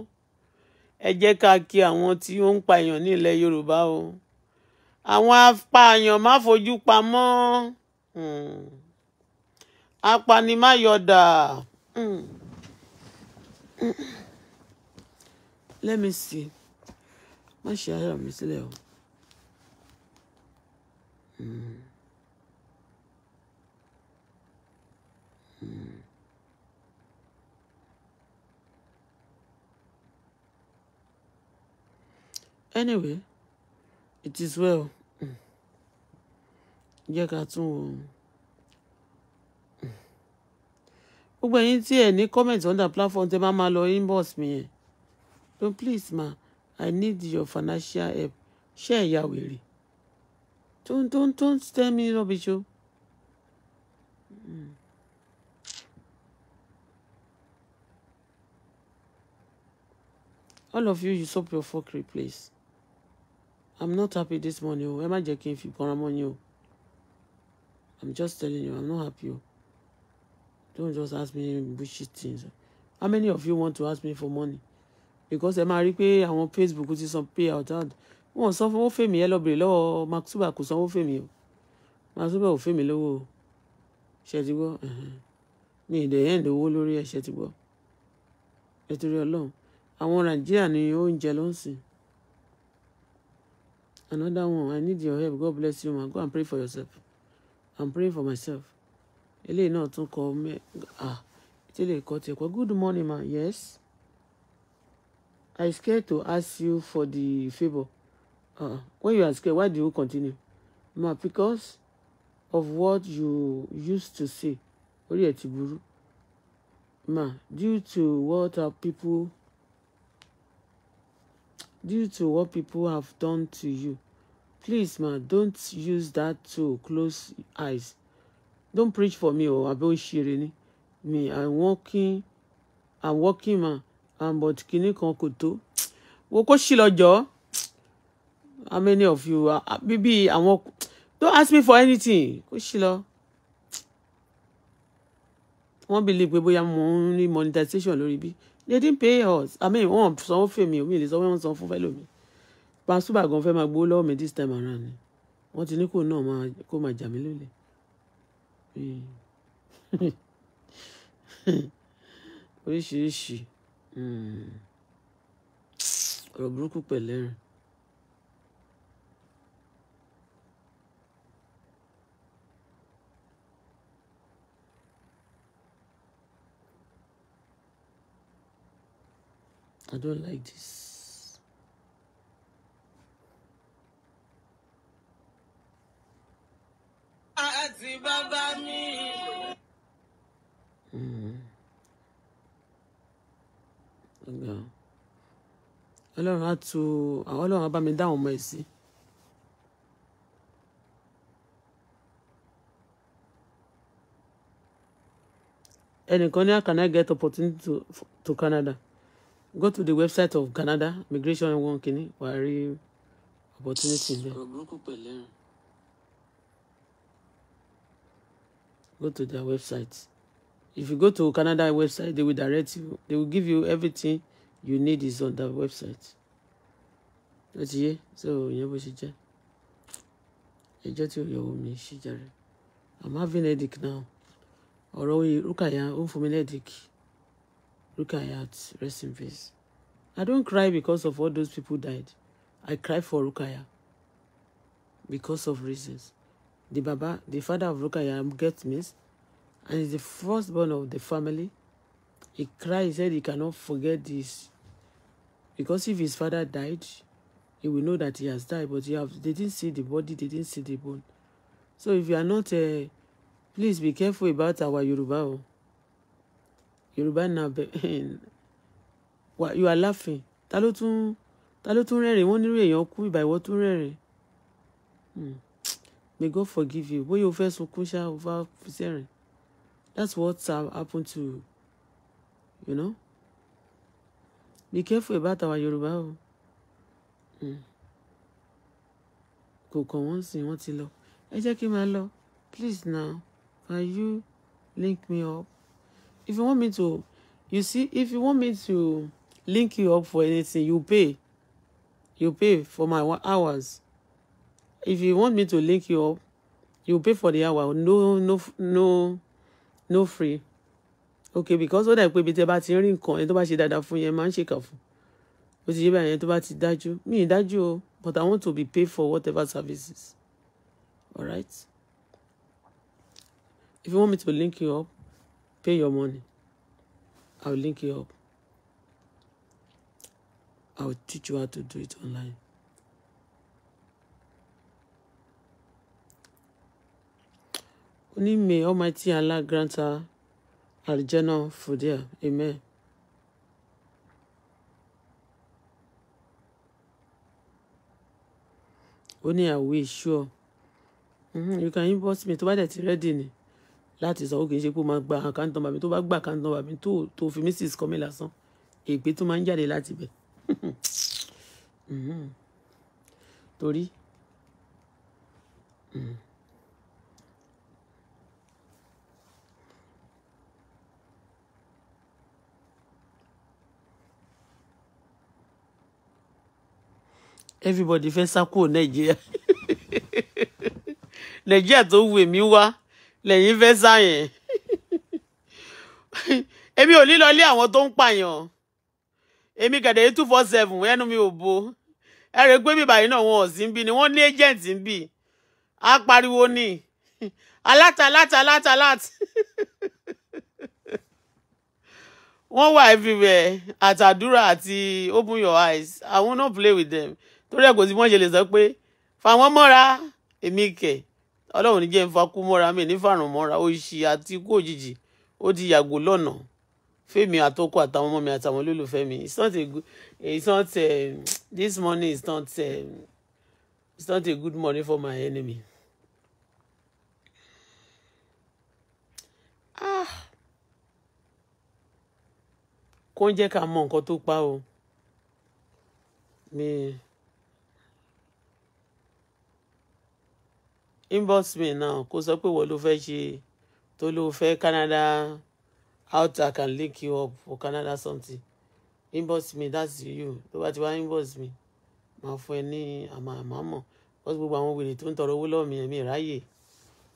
S1: ẹ jẹ́ ká kí àwọn tí ó ń pa èèyàn ní ilẹ̀ Yorùbá o àwọn apààyàn má fojú pamọ́ hmm. apanimayọ̀dà. Hmm. Hmm. Let me see má ṣe ara mi sílẹ̀ o. Mm. Anyway, it is well. Mm. Jẹ́ ká tún wò ó. Mm. Gbogbo ẹ̀yin tí ẹ ní comment on the platform tẹ́ máa ma lọ inbox mi yẹn. Don't please ma, I need your financial help. Ṣé ẹ̀yà wèrè? Don't don't don't tell me rubbish o. Mm. All of you, you stop your fuckery, please. I'm not happy this morning o. Oh. Ẹ má jẹ́ kí n fi bọ́ra mọ́ oh. I'm just telling you, I'm not happy o. Oh. Don't just ask me bullshit things. How many of you want to ask me for money? Because I'm máa rí pé Facebook to some pay out and wọn ò san fún fèmí ẹ lọ́bìnrin lọ́wọ́ maxuba kò sanwó fèmí o maxuba ò fèmí lówó o ṣe ti gbọ́ mi ì dẹ̀yẹ́ ìdówó lórí ẹ̀ ṣe ti gbọ́ ẹ torí ọlọ́run àwọn nàìjíríà ni oúnjẹ ló ń sìn another one i need your help god bless you ma go and pray for yourself i'm praying for myself eléyìí náà tún kọ mẹ ah tí lè kọ tiẹ̀ kọ good morning ma yes i scared to ask you for the favour uh When you are scared, why do you continue? Ma, because of what you used to say. Orí ẹ̀ ti burú. Ma, due to what our people due to what people have done to you. Please, ma, don't use that to close eyes. Don't preach for me, or Abel Shirini. Me, I'm walking, I'm walking, ma, I'm but kini kan koto. Wo ko how many of you are bíbí ah, àwọn don't ask me for anything kó sì lọ wọ́n believe pé bóyá mo ní monetization lórí bí they didn't pay us i mean wọ́n sanwó fèmí omi ìlẹsọ wọ́n sanwó fún fẹlẹmi pàṣípà gan fẹ́ máa gbowó lọ́wọ́ mi this time around ni wọ́n ti ní kò náà máa kó máa jà mí lólè hmm. oríṣiríṣi hmm. ọ̀rọ̀ burúkú pẹ̀lẹ́rìn. I don't like this.
S2: Àti bàbá mi. Mm-hmm.
S1: Ọlọ́run á tu àwọn ọlọ́run á bá mi dá àwọn ọmọ ẹ̀ sí. ẹnìkan ní I can I get opportunity to, to Canada go to the website of Canada migration. and one kini wà á rí opportunity
S2: there.
S1: go to their website if you go to Canada website they will direct you they will give you everything you need is on that website ó ti yé so ìyẹn bó ṣe jẹ́ ẹjọ́ tí ó yọ omi ṣe jàre i'm having headache now ọ̀rọ̀ Rúkàyà ó ń fún mi headache. Rukayat, rest in peace. I don't cry because of all those people died. I cry for Rukaya because of reasons. The Baba, the father of Rukaya, gets missed and is the firstborn of the family. He cried, he said he cannot forget this. Because if his father died, he will know that he has died, but he have, they didn't see the body, they didn't see the bone. So if you are not, uh, please be careful about our Yoruba. Oh yorùbá now you are laughing ta ló tún ta ló tún rẹ́rìn wọ́n nírú èèyàn kú ìbà ìwọ tún rẹ́rìn hmm. may God forgive you bóyá o fẹ́ sunkún ṣá o bá fi sẹ́rìn that's what happened to you you know be careful about our yorùbá o hmm. kò kàn wọ́n sìn wọ́n ti lọ ẹ jẹ́ kí n máa lọ please now can you link me up if you want me to you see if you want me to link you up for anything you pay you pay for my hours if you want me to link you up you pay for the hour no no no no free okay because ó I pay, ibi tẹ bá ti ń rí nǹkan ẹni tó bá ṣe dáadáa fún yẹn máa ń ṣèkà fún ó ti yé báyìí ẹni tó bá ti but I want to be paid for whatever services All right. if you want me to link you up Pay your money. I'll link you up. I'll teach you how to do it online. Only may Almighty Allah grant her al for dear. Amen. Only I wish sure. Mm-hmm. You can inbox me. To buy that ready láti sanwó kì í ṣe pé ó máa gba àkáǹtì nọ́mbà mi tó bá gba àkáǹtì nọ́mbà mi tó tó fi mrs kọ́mi lásán èpè tó máa ń jáde láti bẹ̀ mhm. torí mhm. everybody fẹ́ sá kúrò nàìjíríà nàìjíríà tó wù èmi wá lẹ́yìn fẹ́ sáyẹn èmi ò lílọ ilé àwọn tó ń pààyàn èmi gàdé two four seven ẹnu mi ò bo ẹ rẹ pé bíbá yìí náà wọn ò sí ń bì ni wọ́n ní agent ń bì á pariwo ni aláta aláta aláta aláta wọ́n wà everywhere àtàdúrà àti open your eyes i will not play with them torí ẹ̀ kò sí wọ́n ṣe lè sọ pé fàwọn mọ́ra èmi kẹ̀ ọlọ́run ní jẹ́ ń fakú mọ́ra mi ní fàrùn mọ́ra òṣì àti ikú òjijì ó ti yàgò lọ́nà fèmí àtọkọ àtàwọn ọmọ mi àtàwọn olólùfẹ́ mi it's not a good it's not a, um, this morning is not a, um, it's not a good morning for my enemy. Ah. kó ń jẹ́ ká mọ nǹkan tó pa o. Mi... Me... inbox me now kó sọ pé wọ́n ló fẹ́ ṣe tó ló fẹ́ Canada how I can link you up for Canada something inbox me that's you tó bá ti wá inbox me máa fún ẹ ní àmọ́ àmọ́ mọ̀ wọ́n ti gbogbo àwọn wèrè tó ń tọrọ owó lọ́wọ́ mi ẹ̀mí ìráyè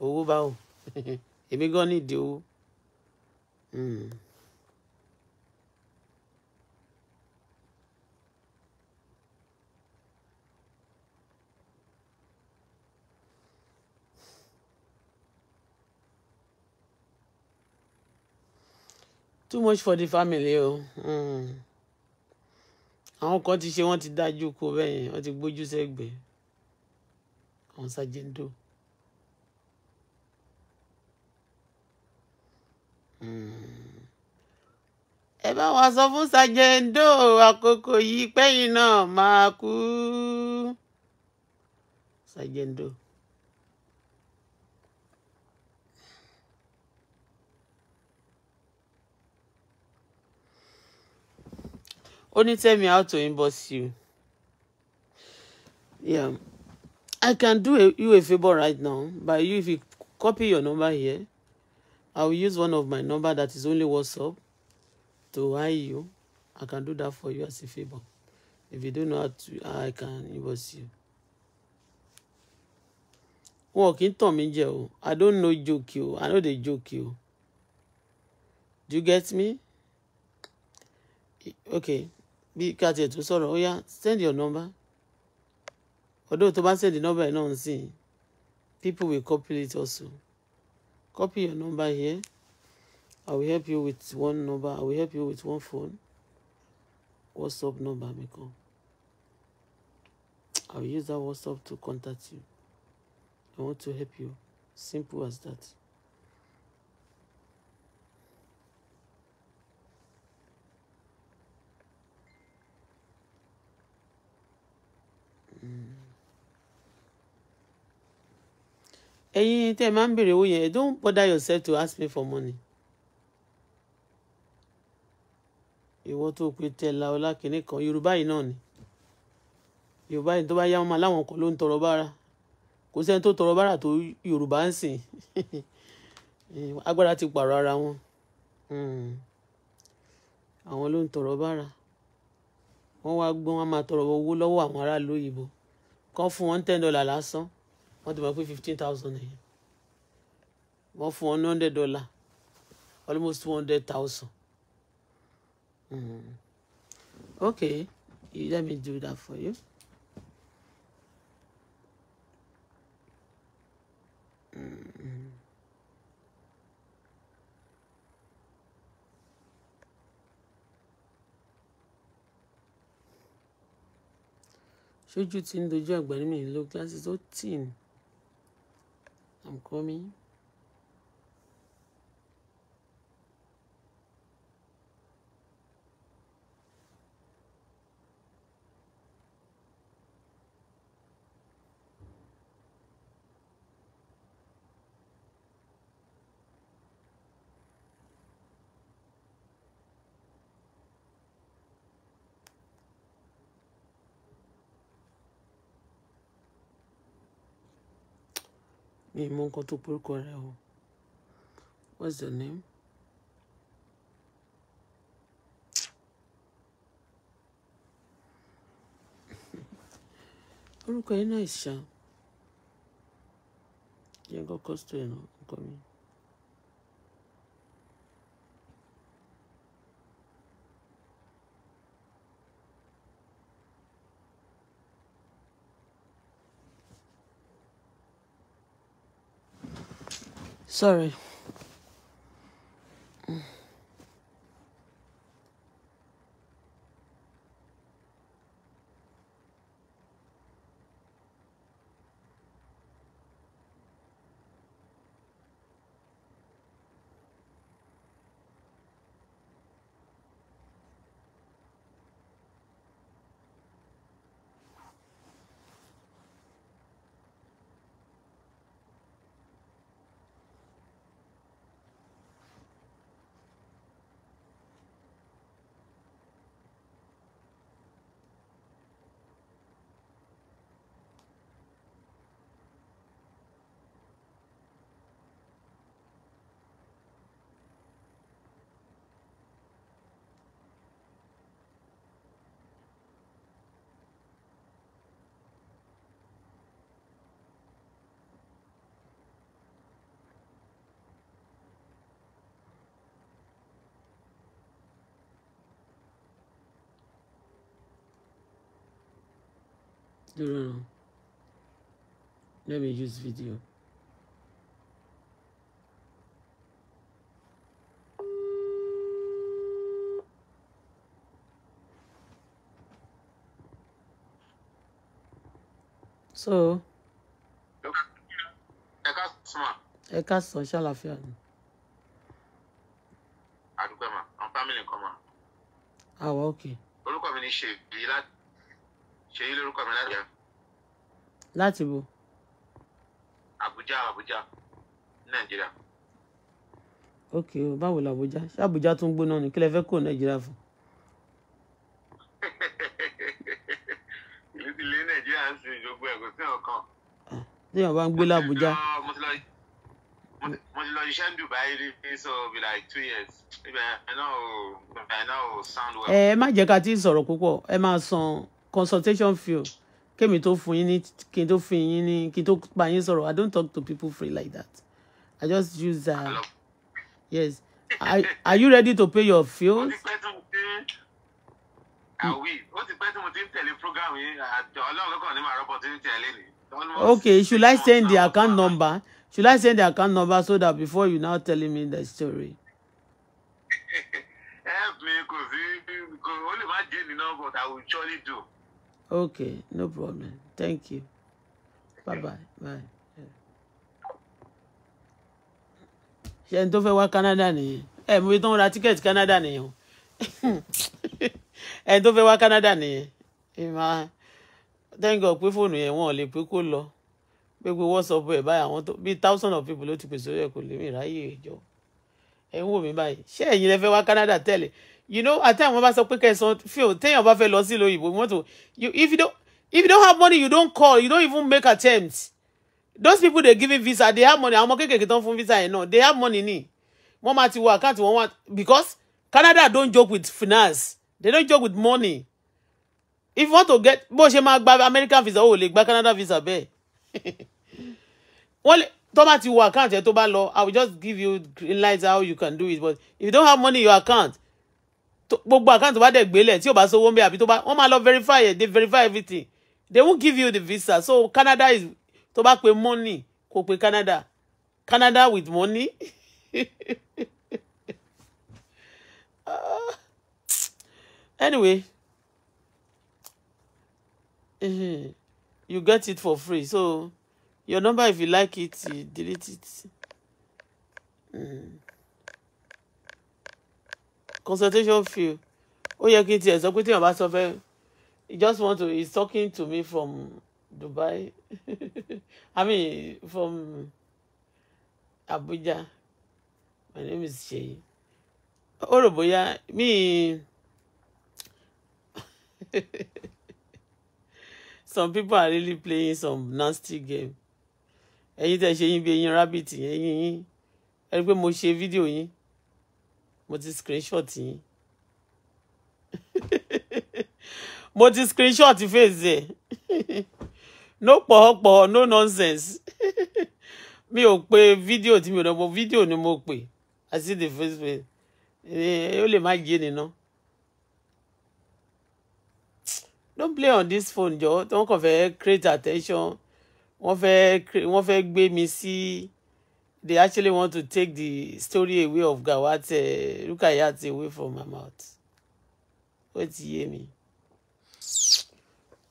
S1: owó báwo èmi gan nídìí owó. Hmm. too much for the family o hmm. àwọn kan ti ṣe wọ́n ti dájú kó bẹ́ẹ̀ yẹn wọ́n ti gbójú sẹ́gbẹ̀ẹ́ àwọn sájẹ́ńdò. Hmm. ẹ bá wa sọ fún sájẹ́ńdò àkókò yìí pẹ́yìn náà máa kú sájẹ́ńdò. Only tell me how to inbox you. Yeah. I can do a, you a favor right now by you if you copy your number here. I will use one of my number that is only WhatsApp to hire you. I can do that for you as a favor. If you don't know how to, I can inbox you. Wọn kì í tàn I don't know joke you. I know they joke you. Do you get me? Okay bí ká tiẹ̀ tó sọ̀rọ̀ ó yá send your number ọ̀dọ́ tó bá send number ẹ̀ náà sí people will copy it also copy your number here I will help you with one number I will help you with one phone WhatsApp number mi kan I will use that WhatsApp to contact you I want to help you simple as that. ẹ̀yin tẹ́ ẹ máa ń béèrè owó yẹn don't bother yourself to ask me for money. ìwọ tó pe tẹ̀lá ọlá kìnínní kan yorùbá yìí náà ni yorùbá yìí tó bá yá wọn máa láwọn kan ló ń tọrọ bára kò sẹ́ni tó tọrọ bára tó yorùbá ń sìn agbára ti pààrọ̀ ara wọn hmm. àwọn ló ń tọrọ bára wọn wá gbọ́n wọn máa tọrọ owó lọ́wọ́ àwọn aráàlú òyìnbó kan fún wọn ten dollar lásán wọ́n ti máa pé fifteen thousand nìyẹn wọ́n fún one hundred dollar almost one hundred thousand hmm. okay let me do that for you.
S2: Mm-hmm.
S1: ṣojú tí ń dojú àgbà ní mi lo glasses ó tì ní. I'm coming. mi mọ nǹkan tó porúkọ rẹ o what's your name. orúkọ yín náà ìṣàn yẹn kọ́kọ́ sọ ẹ̀ náà nǹkan mi. Sorry. No, no, no. Let me use video. So. ẹ ká sọ ṣàlàfíà ni. àdúgbò mà àwọn fámìlì kan mà. àwa òkè. orúkọ mi ni ṣèbí láti ṣèyí lórúkọ mi láti. láti wo. Abuja. Àbújá Nàìjíríà. ok o báwo la Àbújá ṣé Àbújá tó ń gbóná ni kí lẹ fẹ́ kó Nàìjíríà fún. ìlú ti lé Nàìjíríà ń sin ìjọba ẹ̀kọ́ sí ọ̀kan. Ah, téèyàn bá ń gbé l'Àbújá. mo ti lọ iṣẹ́ ní Dubai rí so be like two years ibẹ̀ náà ò sound well. Eh, ẹ má jẹ́ ká tí sọ̀rọ̀ púpọ̀ ẹ máa san consultation fee kémi tó fún yín ní kí n tó fún yín ní kí n tó pa yín sọ̀rọ̀ i don't talk to people free like that i just use uh, Hello? yes are, are you ready to pay your fees. okay should i send the account number should i send the account number so that before you now telling me the story. help me kò sí kò ó lè má jẹ́ ní number but i will surely do. Okay, no problem. Thank you. Bye bye. Bye. ṣe n tó fẹ́ wá Canada nìyẹn ẹ mo fi tó ra tíkẹ́ẹ̀tì Canada nìyẹn o ẹ n tó fẹ́ wá Canada nìyẹn ìmọ̀ thank God pé fóònù yẹn wọn ò lè pé kó lọ pé pé WhatsApp ẹ̀ báyìí àwọn tó bíi thousand of people ló ti pèsè orí ẹ̀ kò lè mí ráyè ìjọ ẹ̀ ń wò mí báyìí ṣé ẹ̀yin lẹ fẹ́ wá Canada tẹ́lẹ̀ you know àti àwọn bá sọ pé kẹsàn fíò téèyàn bá fẹ́ lọ sí ìlú òyìnbó you want to you if you don't if you don't have money you don't call you don't even make attempts those people dey giving visa they have money àwọn ọmọ kékeré tán fún visa yẹn náà they have money ni wọ́n máa ti wọ àkáǹtì wọn wá because Canada don't joke with finance they don't joke with money if you want to get bó ṣe máa gba American visa ó lè gba Canada visa bẹ́ẹ̀ wọ́n lè tó bá ti wọ àkáǹtì ẹ tó bá lọ I will just give you green light how you can do it but if you don't have money in your account gbogbo account tó bá dẹ̀ gbélẹ̀ tí ò bá sówó ń bẹ àbí tó bá wọ́n máa lọ verify ẹ̀ they verify everything they won't give you the visa so Canada is tó bá pe money kò pe Canada Canada with money uh, anyway mm-hmm. you get it for free so your number if you like it you delete it. Mm consultation fee ó yẹ kí n tiẹ̀ sọ pé téèyàn bá sọ fẹ́ he just want to he's talking to me from Dubai I mean from Abuja my name is Seyi ó rò bóyá mi some people are really playing some nasty game ẹ̀yin tẹ́ ṣe yín bí ẹ̀yin rabbit yẹn yín yín ẹ rí i pé mo ṣe fídíò yín mo ti screenshot yín mo ti screenshot face ẹ no pọ̀họ́pọ̀họ́ no nonsense mi ò pe fídíò tí mi ò dánwò fídíò ni mo pè àti the first place eh, ó lè má jẹ́ nínú. don't play on this phone jọ tí wọ́n kàn fẹ́ create attention wọ́n fẹ́ wọ́n fẹ́ gbé mi sí. Si they actually want to take the story away of Gawat uh, Rukayat away from my mouth. What do you mi.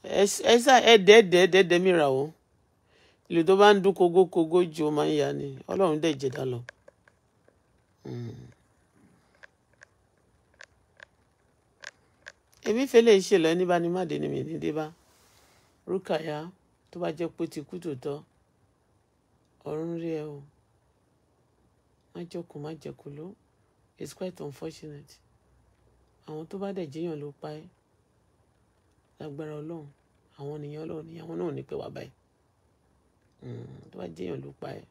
S1: Ẹ sá ẹ dẹ́ẹ̀dẹ́ dẹ́ẹ̀dẹ́ mìíràn o. Ìlú tó bá ń dún kogo ju ó máa ń ya ni. Ọlọ́run dẹ̀ jẹ̀dá lọ. Hmm. Èmi fẹ́lẹ̀ ṣe lọ ẹni bá ní má dé ni mi ní dé bá. Rúkàyà tó bá jẹ́ pé ti kú tòótọ́. májọkù májẹkù ló it's quite unfortunate àwọn tó bá dẹ̀ jẹ́yàn ló pa ẹ́ lágbára ọlọ́run àwọn nìyẹn ọlọ́run nìyẹn àwọn náà ní pé wà báyìí hmm, tó bá jẹ́yàn ló pa ẹ́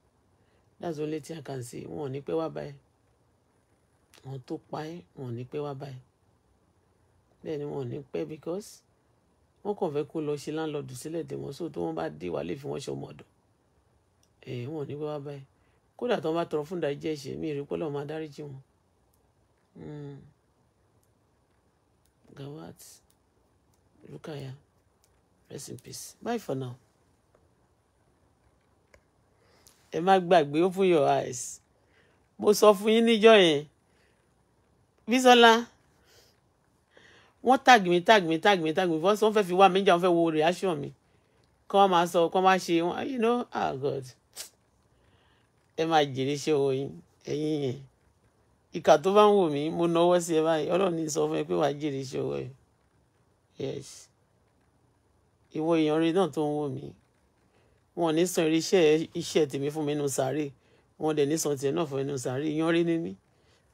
S1: that's only thing I can say wọn ò ní pé wà báyìí àwọn tó pa ẹ́ wọn ò ní pé wà báyìí bẹ́ẹ̀ ni wọn ò ní pẹ́ because wọn kàn fẹ́ kó lọ ṣe láńlọ́ọ̀dù sílẹ̀ tẹ̀wọ́n sóò tó wọn bá dé wàá lè fi wọ́n ṣe ọmọ ọ̀dọ̀ ẹ̀ wọn ò ní pé wà báyìí kódà tó ń bá tọrọ fún ìdájọ́ ẹ̀ṣẹ̀ mi rí pé Ọlọ́run máa dáríjì wọn. Hmm. Gawat Rukaya rest in peace bye for now. ẹ má gbàgbé open your eyes mo sọ fún yín níjọ́ yẹn Bísọ́lá wọ́n tag mi tag mi tag mi tag mi fọ́n sọ wọ́n fẹ́ fi wá mi níjà wọ́n fẹ́ wo reaction mi kọ́ máa sọ kọ́ máa ṣe wọn you know ah oh God ẹ máa jèrè iṣẹ́ owó yín ẹ̀yin yẹn ìkà tó bá ń wò mí mo náwó sí ẹ báyìí ọlọ́run ní sọ fún ẹ pé wàá jèrè iṣẹ́ owó yìí yes ìwọ èèyàn rẹ náà tó ń wò mí wọn ò ní san irinṣẹ́ iṣẹ́ tèmi fún mi nínú sàárè wọn dẹ̀ ní san tiẹ̀ náà fún mi nínú sàárè èèyàn rẹ ní mí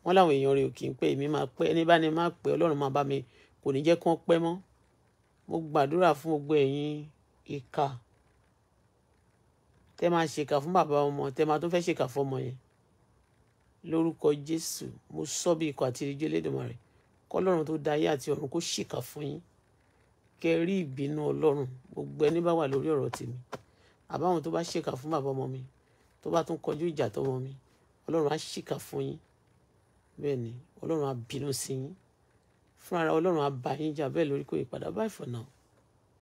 S1: wọn láwọn èèyàn rẹ ò kì èmi máa pẹ́ ẹni bá ní máa pẹ́ ọlọ́run máa bá mi kò ní jẹ́ kí pẹ́ mọ́ mo gbàdúrà fún gbogbo ẹ̀yin ìkà tẹ máa ṣèkà fún bàbá ọmọ tẹ máa tún fẹ́ ṣèkà fọmọ yẹn lórúkọ jésù mo sọ bí ikọ̀ àti ìrìnjẹ́ Elédùmarè kọ́lọ́run tó dayé àti ọ̀run kó ṣèkà fún yín kẹ́ rí ìbínú ọlọ́run gbogbo ẹni bá wà lórí ọ̀rọ̀ tèmi àbáwọn tó bá ṣèkà fún bàbá ọmọ mi tó bá tún kọjú ìjà tọmọ mi ọlọ́run á ṣìkà fún yín bẹ́ẹ̀ ni ọlọ́run á bínú sí yín fúnra ọlọ́run á bá yín jà bẹ́ẹ̀ lórí kò yípadà báyìí for